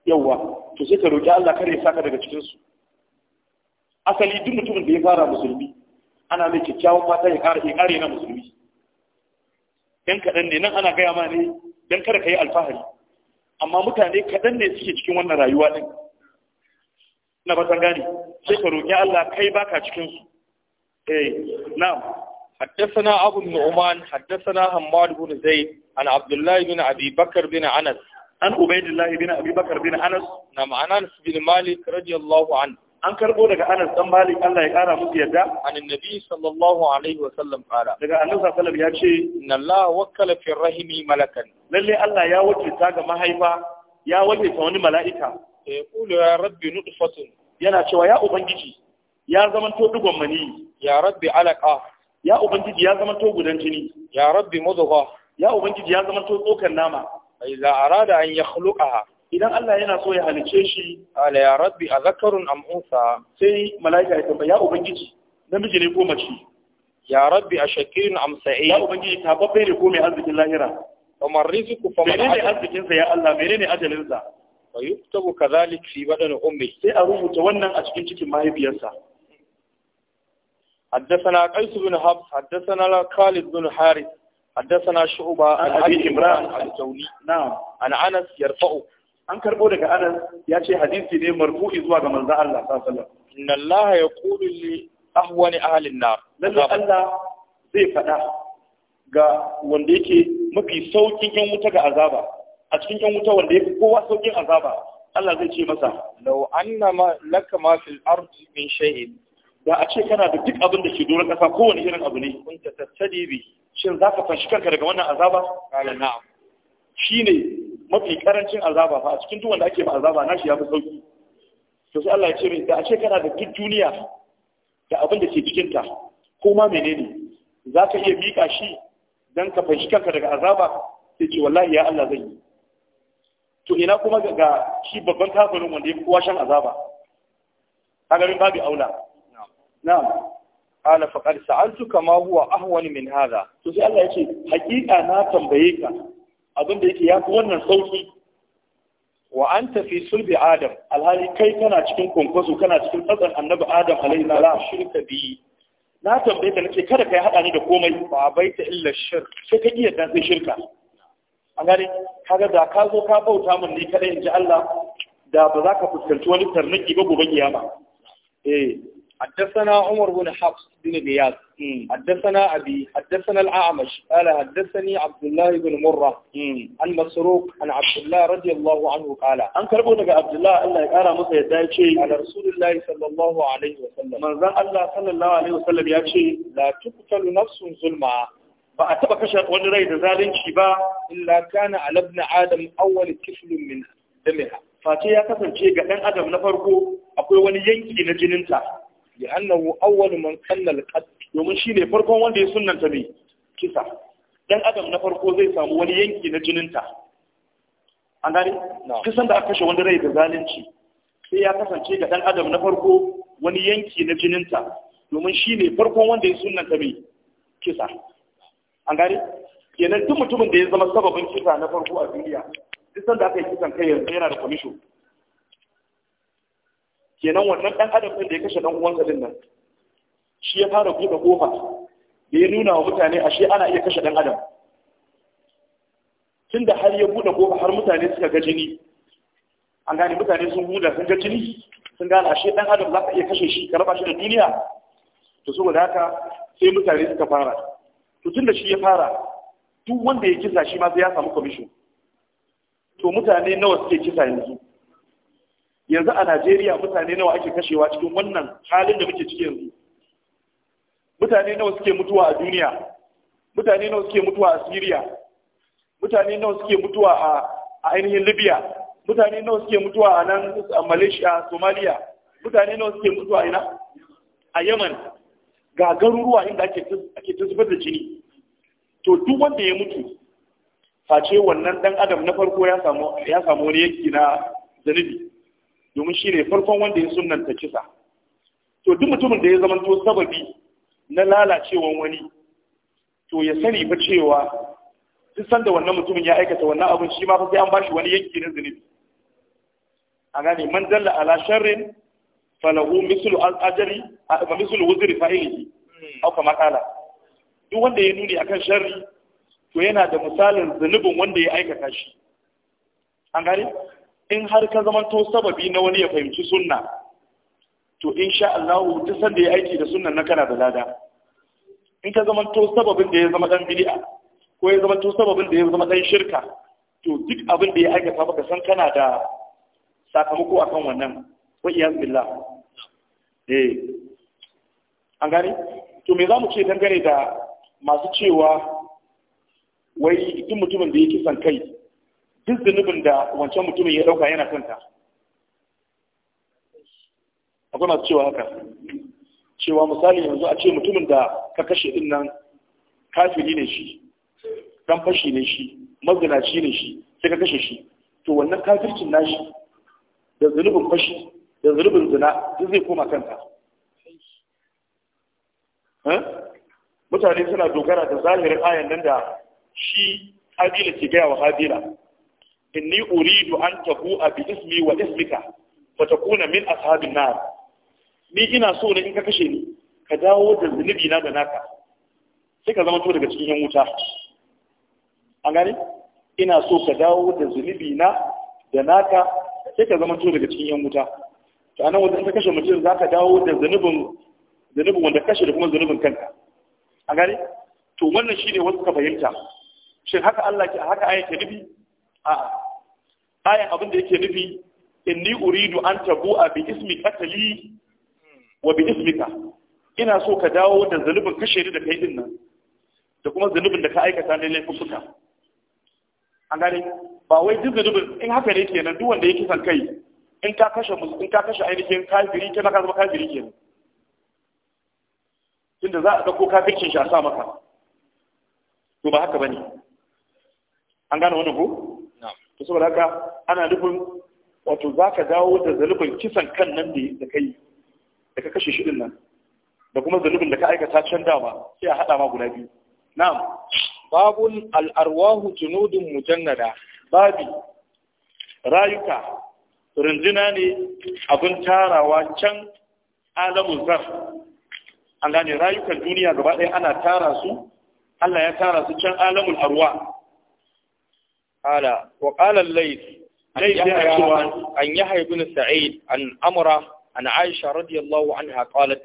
yawwa to sai ka roƙi Allah kare saka daga cikin su asali duk mutumin da ya fara musulmi ana mai kyakkyawan fata ya kare ya kare na musulmi yan kaɗan ne nan ana gaya ma ne dan kada ka yi alfahari amma mutane kaɗan ne suke cikin wannan rayuwa ɗin na ba gane sai ka roƙi Allah kai baka cikin su eh na'am حدثنا أبو النعمان حدثنا هماد بن زيد عن عبد الله بن أبي بكر بن أنس عن عبيد الله بن أبي بكر بن أنس نعم عن أنس بن مالك رضي الله عنه an karbo daga Anas dan Malik Allah ya kara musu yadda an annabi sallallahu alaihi wa sallam kara daga Annabi sallallahu ya ce inna Allah wakkala fi rahimi malakan lalle Allah ya wakilta ga mahaifa ya ta wani mala'ika ya kula ya rabbi nutfatun yana cewa ya ubangiji ya zamanto to dugon mani ya rabbi alaqa ya ubangiji ya zama to gudan jini ya rabbi mudgha ya ubangiji ya zama to tsokan nama idza arada an yakhluqaha idan Allah yana so ya halice shi ala ya rabbi azakarun am unsa sai malaika ya tambaya ya ubangiji namiji ne ko mace ya rabbi ashakirun am sa'i ya ubangiji ta babbe ne ko mai arzikin lahira kamar rizqu fa menene arzikin sa ya Allah menene ajalin sa wa yuktabu kadhalik fi badan ummi sai a rubuta wannan a cikin cikin mahaifiyarsa حدثنا قيس بن هب حدثنا خالد بن حارث حدثنا شعبة عن أبي إمران الجوني نعم عن أنس يرفعه an karbo daga anas ya ce hadisi ne marfu'i zuwa ga manzon Allah sallallahu alaihi wasallam inna Allah yaqulu li ahwani ahli an Allah zai faɗa ga wanda yake mafi saukin yan wuta ga azaba a cikin yan wuta wanda yake kowa saukin azaba Allah zai ce masa law anna ma laka ma fil ardi min shay'in da a ce kana da duk abin da ke doron ƙasa kowane irin abu ne kun ta tattali bi shin za ka fanshi kanka daga wannan azaba kala na'am shine mafi karancin azaba fa a cikin duk wanda ake ba azaba nashi ya fi sauki to sai Allah ya ce da a ce kana da duk duniya da abin da ke cikin ta ko ma menene za ka iya mika shi dan ka fanshi kanka daga azaba sai ce wallahi ya Allah zai yi to ina kuma ga shi babban kafirin wanda ya kowa shan azaba kagarin babu aula na'am ala faqad sa'altuka ma huwa ahwani min hadha to sai Allah ce hakika na tambaye ka abin da yake yafi wannan sauki wa anta fi sulbi adam alhali kai kana cikin kwankwaso kana cikin tsatsan annabi adam alaihi salam shirka bi na tambaye ka nace kada kai hada ni da komai ba baita illa shirk sai ka iya dan shirka an gane kaga da ka zo ka bauta min ni kaɗai, in ji Allah da ba za ka fuskanci wani tarnaki ba gobe kiyama eh حدثنا عمر بن حفص بن غياث حدثنا أبي حدثنا الأعمش قال حدثني عبد الله بن مرة عن مسروق عن عبد الله رضي الله عنه قال أن كربونا عبد الله الله يقرأ مصر يدعي شيء على رسول الله صلى الله عليه وسلم من ذا الله صلى الله عليه وسلم يا شيء لا تقتل نفس ظلمها ba a taba kashe wani rai da zalunci ba illa kana ala ibn adam awwal kiflun min damiha face ya kasance ga dan adam na farko akwai wani yanki na jininta li'annahu awwalu man qalla al-qatl domin shine farkon wanda ya sunnanta mai kisa dan adam na farko zai samu wani yanki na jininta an gane kisan da aka kashe wanda rai da zalunci sai ya kasance ga dan adam na farko wani yanki na jininta domin shine farkon wanda ya sunnanta mai kisa an gane kenan duk mutumin da ya zama sababin kisa na farko a duniya duk da aka yi kisan kai yanzu yana da commission kenan wannan ɗan adam ɗin da ya kashe ɗan uwansa din nan shi ya fara buɗe kofa da ya nuna wa mutane ashe ana iya kashe ɗan adam tunda har ya buɗe kofa har mutane suka ga jini an gane mutane sun huda sun ga jini sun gane ashe ɗan adam za ka iya kashe shi ka raba shi da duniya to saboda haka sai mutane suka fara to tunda shi ya fara duk wanda ya kisa shi ma sai ya samu commission to mutane nawa suke kisa yanzu yanzu a Najeriya mutane nawa ake kashewa cikin wannan halin da muke ciki yanzu mutane nawa suke mutuwa a duniya mutane nawa suke mutuwa a Syria mutane nawa suke mutuwa a ainihin Libya mutane nawa suke mutuwa a nan a Malaysia Somalia mutane nawa suke mutuwa a ina a Yemen ga garuruwa inda ake ake zubar da jini to duk wanda ya mutu face wannan dan adam na farko ya samu ya samu wani yanki na zanubi domin shi ne farkon wanda ya sunanta kisa to duk mutumin da ya zama to sababi na lalacewan wani to ya sani ba cewa duk sanda wannan mutumin ya aikata wannan abin shi ma fa sai an bashi wani yanki na zunubi a gane man dalla ala sharrin falahu mislu ajri wa mislu wuzri fa'ilihi aw kama kala duk wanda ya nuni akan sharri to yana da misalin zunubin wanda ya aikata shi an gane in har ka to sababi na wani ya fahimci sunna to in sha Allah duk sanda ya aiki da sunnan na kana da lada in ka to sababin da ya zama dan bid'a ko ya zama to sababin da ya zama dan shirka to duk abin da ya fa baka san kana da sakamako akan wannan wa iyyaz billah eh an gani? to me zamu ce dangane da masu cewa wai duk mutumin da yake san kai duk zunubin da wancan mutumin ya dauka yana kanta akwai masu cewa haka cewa misali yanzu a ce mutumin da ka kashe din nan kafiri ne shi dan fashi ne shi mazinaci ne shi sai ka kashe shi to wannan kafircin nashi da zunubin fashi da zunubin zina duk zai koma kanta mutane suna dogara da zahirin ayan nan da shi habila ke gaya wa hadila inni uridu an tabu a bi ismi wa ismika fa takuna min ashabin nar ni ina so ne in ka kashe ni ka dawo da zunubi na da naka sai ka zama to daga cikin yan wuta an gani ina so ka dawo da zunubi na da naka sai ka zama to daga cikin yan wuta to anan wanda ka kashe mutum za ka dawo da zunubin zunubin wanda kashe da kuma zunubin kanka an gani to wannan shine wasu ka fahimta shin haka Allah ke haka ayake nufi a'a ayan abin da yake nufi inni uridu an tabu a bi ismi katali wa bi ismika ina so ka dawo da zalubin kashe ni da kai din nan da kuma zalubin da ka aikata ne laifuka an gane ba wai duk zalubin in haka ne kenan duk wanda yake san kai in ka kashe in ka kashe ainihin kafiri kenan ka zama kafiri kenan tunda za a dauko kafircin shi a sa maka to ba haka bane an gane wannan ko to saboda haka ana nufin wato za ka dawo da zalubin kisan kan nan da ka da ka kashe shirin nan da kuma zalubin da ka aikata can dama sai a haɗa ma guda biyu na'am babun al'arwahu junudin mujannada babi rayuka rinjina ne abin tarawa can alamun zar an gane rayukan duniya gaba ɗaya ana tara su Allah ya tara su can alamun arwa قال وقال الليث ليث أن يحيى بن سعيد أن أمر عن عائشة رضي الله عنها قالت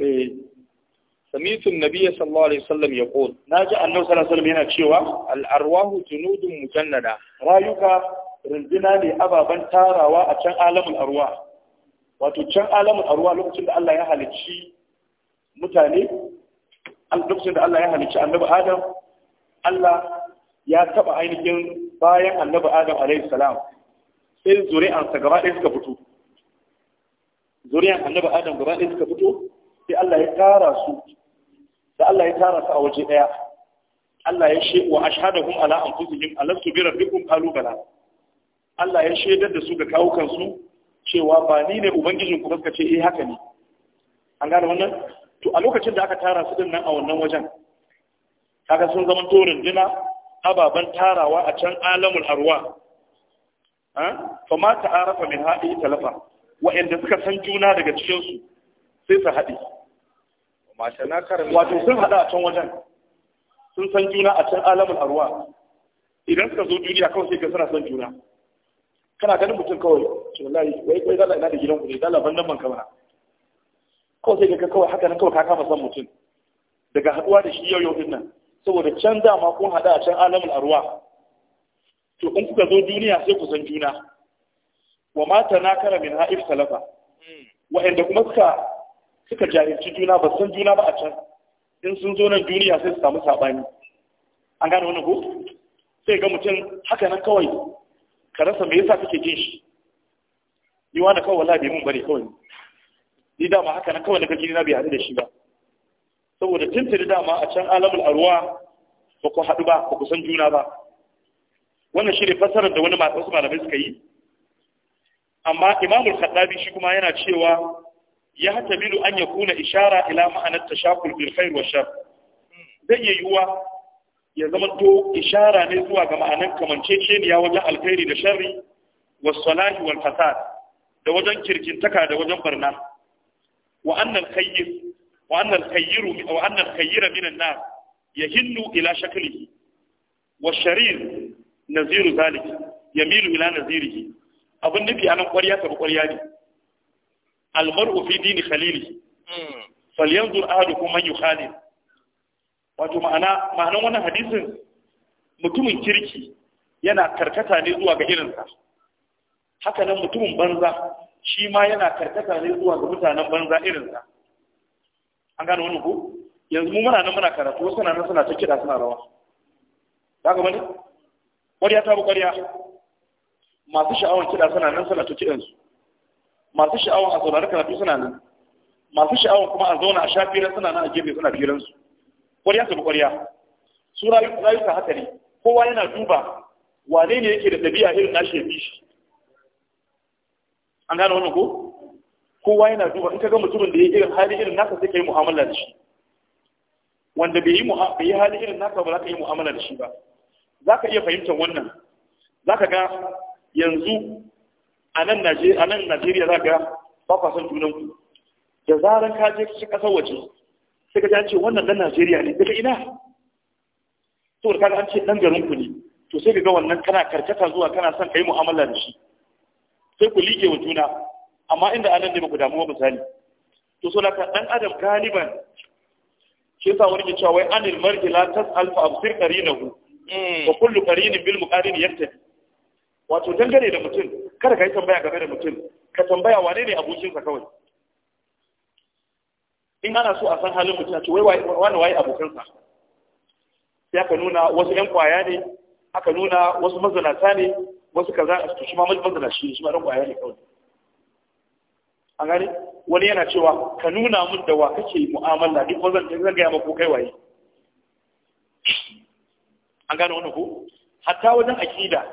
سمعت النبي صلى الله عليه وسلم يقول ناجى النبي صلى الله عليه وسلم هنا تشيوا الأرواح جنود مجندة رايك رندنا لأبابا تاراوا أتشان عالم الأرواح وتشان عالم الأرواح لوكتن الله يهلك شيء mutane lokacin da Allah ya halicci annabi Adam Allah ya taba ainihin bayan annabi adam alaihi salam sai zuri'an sa gaba ɗaya suka fito zuri'an annabi adam gaba ɗaya suka fito sai Allah ya tara su da Allah ya tara su a waje ɗaya Allah ya she wa ashhadahum ala anfusihim alastu bi rabbikum qalu bala Allah ya shaidar da su ga kawukan su cewa ba ni ne ubangijin ku suka ce eh haka ne an gane wannan to a lokacin da aka tara su din nan a wannan wajen kaga sun zama to rundunar ababen tarawa a can alamul arwa fa ma arafa min haɗi talafa wa'anda suka san juna daga cikinsu sai su haɗi wato sun haɗa a can wajen sun san juna a can alamul arwa idan suka zo duniya kawai sai ka suna san juna kana ganin mutum kawai to wallahi wai kai zalla ina da gidan ku ne zalla ban man kamar kawai sai ka kawai haka nan kawai ka kama san mutum daga haɗuwa da shi yau yau din nan saboda can dama kun haɗa a can alamun arwa to in kuka zo duniya sai ku san juna wa mata na kara min ha'if talafa wa'anda kuma suka suka jahilci juna ba san juna ba a can in sun zo nan duniya sai su samu saɓani an gane wani ko sai ga mutum haka nan kawai ka rasa me yasa kake jin shi ni wani kawai wallahi bai mun bane kawai ni dama haka nan kawai na kake na bai haɗu da shi ba saboda tuntuni dama a can alamul arwa ba ku haɗu ba ba ku san juna ba wannan shi ne da wani wasu malamai suka yi amma imamul khaddabi shi kuma yana cewa ya hata bilu an ya kuna ishara ila ma'anar shakul bil khair wa shar zai yi yiwuwa ya zama to ishara ne zuwa ga ma'anar kamanceceniya wajen alkhairi da sharri wa salahi wal fasad da wajen kirkintaka da wajen barna wa annal khayyis wa annal khayru wa annal khayra ila shaklihi wa sharir naziru zalik yamilu ila nazirihi abin nufi anan ƙwarya ta ƙwarya ne almar'u fi dini khalili falyanzur ahadukum man yukhalil wato ma'ana ma'anan wannan hadisin mutumin kirki yana karkata ne zuwa ga irinsa haka nan mutumin banza shi ma yana karkata ne zuwa ga mutanen banza irinsa an gano wani ko yanzu mu muna nan muna karatu wasu na nan suna ta kiɗa suna rawa za ka bane ƙwarya ta bu ƙwarya masu sha'awar kiɗa suna nan suna ta kiɗansu masu sha'awar a saurari karatu suna nan masu sha'awar kuma a zauna a sha firan suna nan a gefe suna su. ƙwarya ta bu ƙwarya su rayuka haka ne kowa yana duba wane ne yake da ɗabi'a irin nashi ya bi shi an gano wannan ko kowa yana duba in ka ga mutumin da ya irin hali irin naka sai ka yi mu'amala da shi wanda bai yi hali irin naka ba za ka yi mu'amala da shi ba za ka iya fahimtar wannan za ka ga yanzu a nan najeriya za ga ba kwa junanku da zarar ka je cikin ƙasar waje sai ka ce wannan dan najeriya ne daga ina to da kaga an ce garin garinku ne to sai ka ga wannan kana karkata zuwa kana son ka yi mu'amala da shi sai ku lige wa juna amma inda anan ne ba ku damu ba misali to so laka dan adam galiban shi yasa wani ke cewa wai anil marji la tas'al fa absir qarinahu mm. wa kullu qarinin bil muqarin yaktabi wato dangane da mutum kada ka yi tambaya game da mutum ka tambaya wane ne abokinsa kawai in ana so a san halin mutum a ce wai wane waye abokansa sai aka nuna wasu yan kwaya ne aka nuna wasu mazanata ne wasu kaza a shi ma mazalata ne shi ma ɗan kwaya ne kawai a gani wani yana cewa ka nuna mun da wa kake mu'amala duk wazan zan gaya maka kai waye an gane wannan ko hatta wajen akida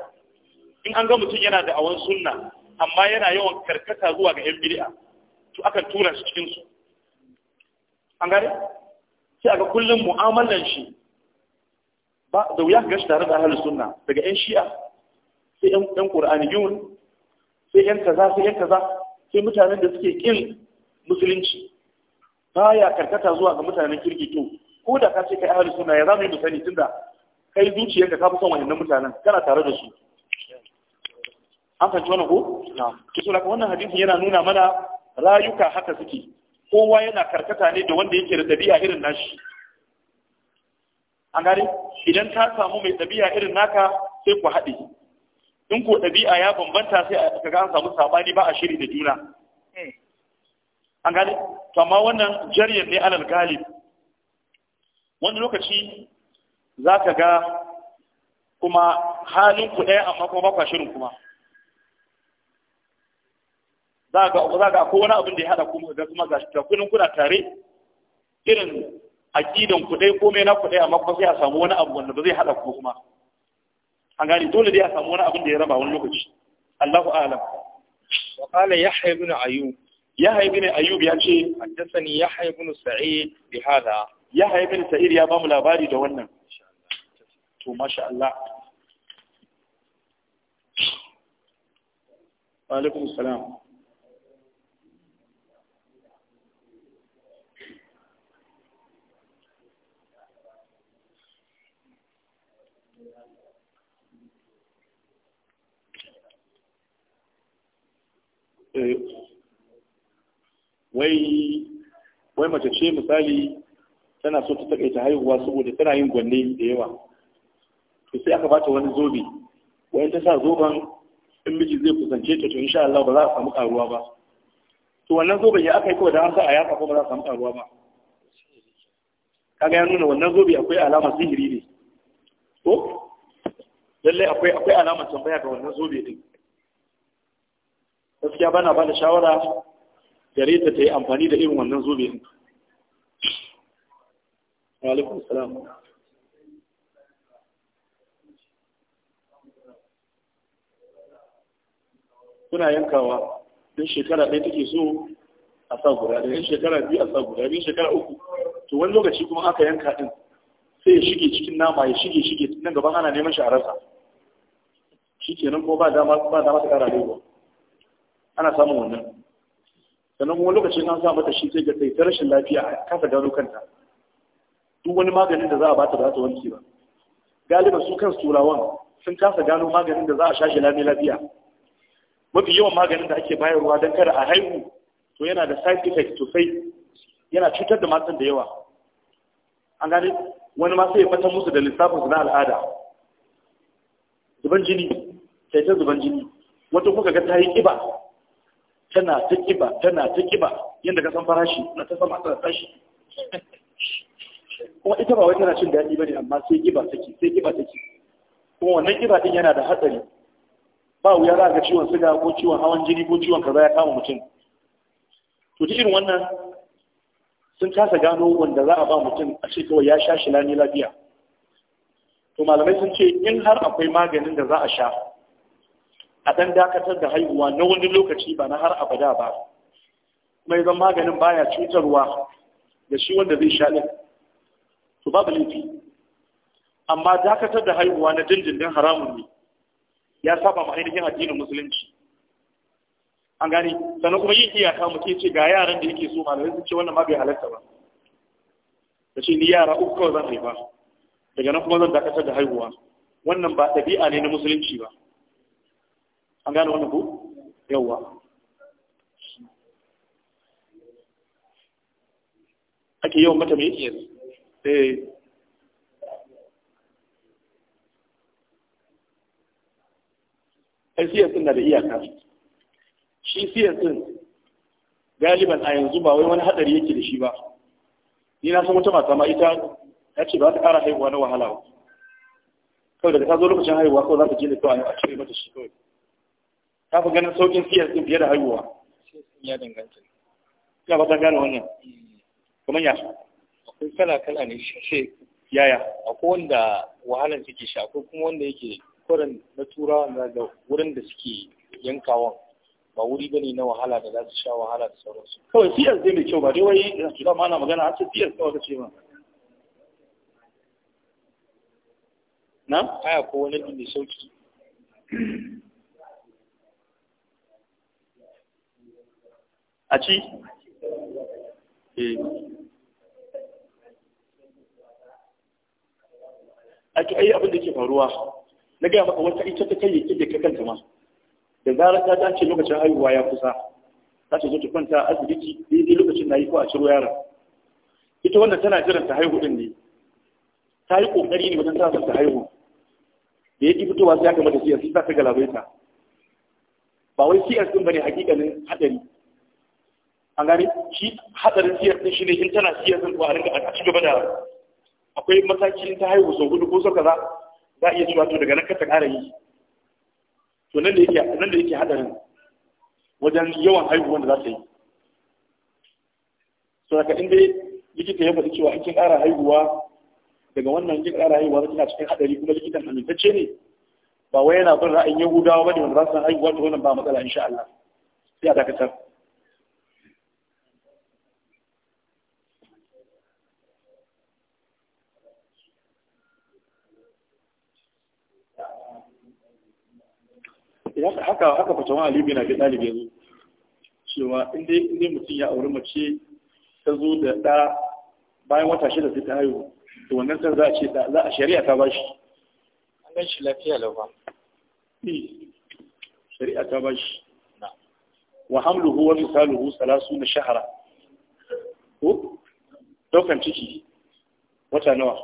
in an ga mutum yana da awan sunna amma yana yawan karkata zuwa ga yan bid'a to akan tura shi cikin su an gane sai aka kullum mu'amalan shi ba da wuya ga shi tare da ahlus sunna daga yan shi'a sai yan qur'ani yun sai yan kaza sai yan kaza sai mutanen da suke kin musulunci ba ya karkata zuwa ga mutanen kirki to ko da ka ce kai ahlus sunna ya zama yi musani tunda kai zuciyar ka fi son wani mutanen kana tare da su an fahimci wannan ko to so laka wannan hadisi yana nuna mana rayuka haka suke kowa yana karkata ne da wanda yake da dabi'a irin nashi an gane idan ka samu mai dabi'a irin naka sai ku haɗe in ko ɗabi'a ya bambanta sai a ga an samu saɓani ba a shiri da juna eh. an gane to amma wannan jariyar ne alal galib wani lokaci za ka ga kuma halin ku ɗaya amma kuma ba shirin kuma za ga akwai wani abin da ya haɗa kuma ga kuma ga shi kuna tare irin aƙidan ku ɗaya komai na ku ɗaya amma kuma sai a samu wani abu wanda ba zai haɗa ku kuma an gani dole dai a samu wani abin da ya raba wani lokaci Allahu a'lam wa qala yahya ibn ayyub yahya ibn ayyub ya ce haddathani yahya ibn sa'id bi hada yahya ibn sa'id ya ba mu labari da wannan to masha Allah wa alaikum salam Eh, wai mace ce misali tana so ta takaita haihuwa saboda tana yin gwanne da yawa to sai aka bata wani zobe wai ta sa zoben in miji zai kusance ta to insha Allah ba za a samu karuwa ba to wannan zoben ya aka yi kawai da an sa a yaka ko ba za a samu karuwa ba kaga ya nuna wannan zobe akwai alama sihiri ne ko lallai akwai akwai alama tambaya ga wannan zobe din gaskiya bana ba da shawara gare ta ta yi amfani da irin wannan zobe ɗin. alaikum salam kuna yankawa din shekara ɗaya take so a sa guda ɗaya shekara biyu a sa guda biyu shekara uku to wani lokaci kuma aka yanka din sai ya shige cikin nama ya shige shige nan gaban ana neman shi a rasa shi kenan ko ba dama dama ta ƙara laifuwa ana samun wannan sannan kuma lokacin an sa mata shi sai ga sai ta rashin lafiya a kasa gano kanta duk wani maganin da za a bata ba ta wanke ba galiba su kan turawan sun kasa gano maganin da za a shashi lami lafiya mafi yawan maganin da ake bayarwa don kada a haihu to yana da side effect sai yana cutar da matan da yawa an gane wani ma sai ya fata musu da lissafin su na al'ada zuban jini sai ta zuban jini wata kuka ga ta yi kiba tana ta kiba tana ta kiba yadda ka san farashi na ta sama ta tashi kuma ita ba wai tana cin daɗi bane amma sai kiba take sai kiba take kuma wannan kiba din yana da hatsari ba wuya za ga ciwon suga ko ciwon hawan jini ko ciwon kaza ya kama mutum to irin wannan sun kasa gano wanda za a ba mutum a ce kawai ya sha shi lani lafiya to malamai sun ce in har akwai maganin da za a sha a ɗan dakatar da haihuwa na wani lokaci ba na har abada ba mai zan maganin baya cutarwa da shi wanda zai sha ɗin to babu laifi amma dakatar da haihuwa na dindindin haramun ne ya saba ma ainihin addinin musulunci an gani sannan kuma yin iyaka mutum ce ga yaran da yake so malamai sun ce wannan ma bai halarta ba da ce ni yara uku kawai zan haifa daga nan kuma zan dakatar da haihuwa wannan ba ɗabi'a ne na musulunci ba an gane wannan ku yauwa ake yawan mata mai eh ai siyas din na da iyaka shi siyas din galiban a yanzu ba wai wani hadari yake da shi ba ni na san wata mata ma ita ta ce ba ta ƙara haihuwa na wahala ba kawai daga ta zo lokacin haihuwa kawai za ta je da kawai a cire mata shi kawai ka fi ganin saukin siyar sun fiye da haihuwa ya danganta ya bata gane wannan eh. kuma ya akwai kala kala ne shi ce yaya akwai wanda wahalar suke sha akwai kuma wanda yake kurin na turawa na da wurin da suke yankawan ba wuri bane na wahala da za su sha wahala da sauransu kawai siyar zai mai kyau ba dai wai da su ma ana magana a ce siyar kawai ta ce ma na aya ko wani mai sauki a ci eh. a to ai abin da ke faruwa na gaya maka wata ita ta kai yake ka kanta ma da zarar ta dace lokacin haihuwa ya kusa ta zo ta kwanta asibiti daidai lokacin na yi ko a ciro yaron ita wannan tana jiran ta haihu din ne ta yi kokari ne wajen ta ta haihu da ya ki fitowa sai aka mata siyar sai ta galabaita ba wai siyar din bane hakikanin hadari an gane shi hatsarin siyar din ne in tana siyar din a rinka a ci gaba da akwai mataki in ta haihu sau hudu ko sau kaza za a iya cewa to daga nan ka ta ƙara yi to nan da yake nan da yake hatsarin wajen yawan haihuwan da za ta yi so daga inda likita ya faɗi cewa in kin ƙara haihuwa daga wannan kin ƙara haihuwa za kina cikin hatsari kuma likitan amintacce ne ba wai yana bin ra'ayin yahudawa bane wanda za su haihuwa to wannan ba matsala insha Allah sai a dakatar haka haka fatawan Ali bin Abi Talib yazo cewa inda dai mutum ya auri mace ta zo da ɗa bayan wata shida sai ta haihu to wannan san za a ce za a shari'a ta bashi an gan shi lafiya lau ba eh, shari'a ta bashi wa hamluhu wa misaluhu salasu na shahara ko daukan ciki wata nawa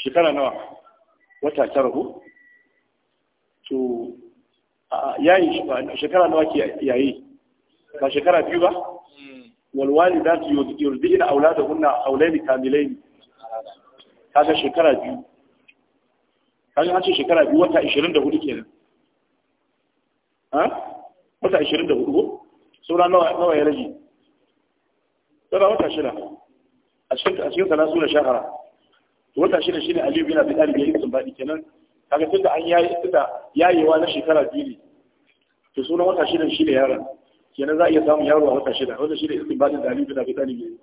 shekara nawa wata tara ko to yayi shekara nawa ke yayi ba shekara biyu ba hmm. walwali za su yurdi ina aula da hunna aulaini kamilai kaga shekara biyu kaga an ce shekara biyu wata 24 kenan ha wata 24 ko saura nawa ya rage saura wata shida a cikin a cikin sana sura shahara wata shida shine aliyu bin abi talib ya yi sun baɗi kenan kaga tunda an yayi tunda yayewa na shekara biyu ne to sunan wata shida shi da yaron kenan za a iya samun yaro a wata shida wata shida isi ba da dalibi da bai tani biyu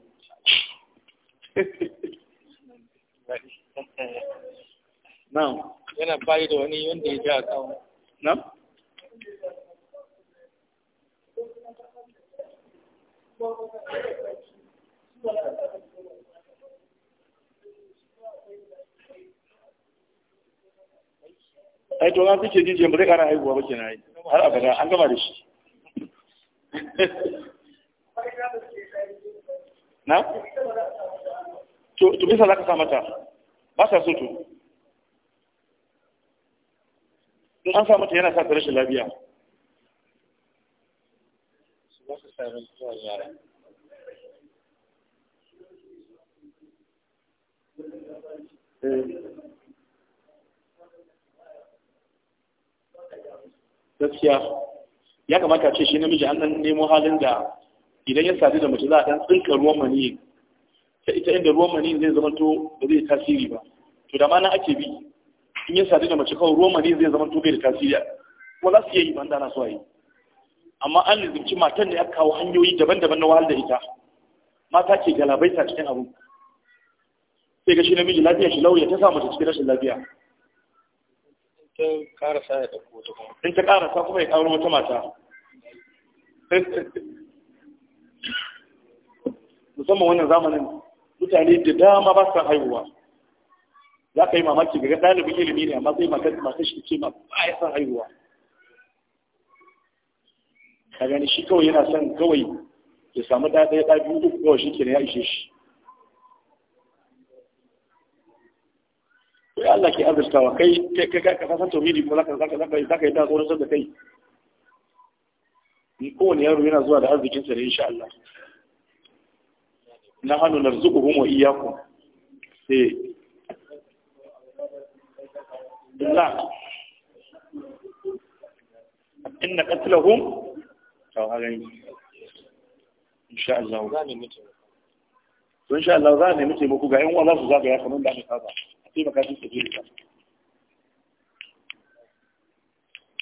na yana bayi da wani wanda ya ja kawo na'am Thank you. ai to ga kuke jijiyan ba zai kara haihuwa ba kenan ai har abada an gama da shi na to to bisa zaka sa mata ba sa so to in an sa mata yana sa ta rashin lafiya gaskiya ya kamata ce shi namiji an nan nemo halin da idan ya sadu da mace za a dan tsinka ruwan maniyi ta ita inda ruwan maniyi zai zama to ba zai tasiri ba to da ma na ake bi in ya sadu da mace kawai ruwan maniyi zai zama to bai da tasiri kuma za su iya yi ban dana so yi amma an lizinci matan da ya kawo hanyoyi daban-daban na wahal da ita mata ke galabaita cikin abu sai ga shi namiji lafiya shi lauya ta sa mace cikin rashin lafiya sai karasa ya ɗauko wata kuma in ta karasa kuma ya ƙaro wata mata musamman wannan zamanin mutane da dama ba su san haihuwa za ka yi mamaki ga ɗalibin ilimi ne amma sai matar shi ce ma ba ya san haihuwa ka gani shi kawai yana son kawai ya samu ɗaya ɗaya biyu uku kawai shi ke ya ishe shi Sai ya Allah ke azurta kai kai ka fasa to tauhidi ko zaka zaka zaka zaka yi dago da kai ni ko ne yaro yana zuwa da arzikin sa ne insha Allah na hannu narzuquhum wa iyyakum sai eh. la inna qatlahum to haka ne insha Allah zan nemi mutum to insha Allah za ne mutum ga yan uwa za su zaga ya kamar da ka saba taimaka fi sabilillah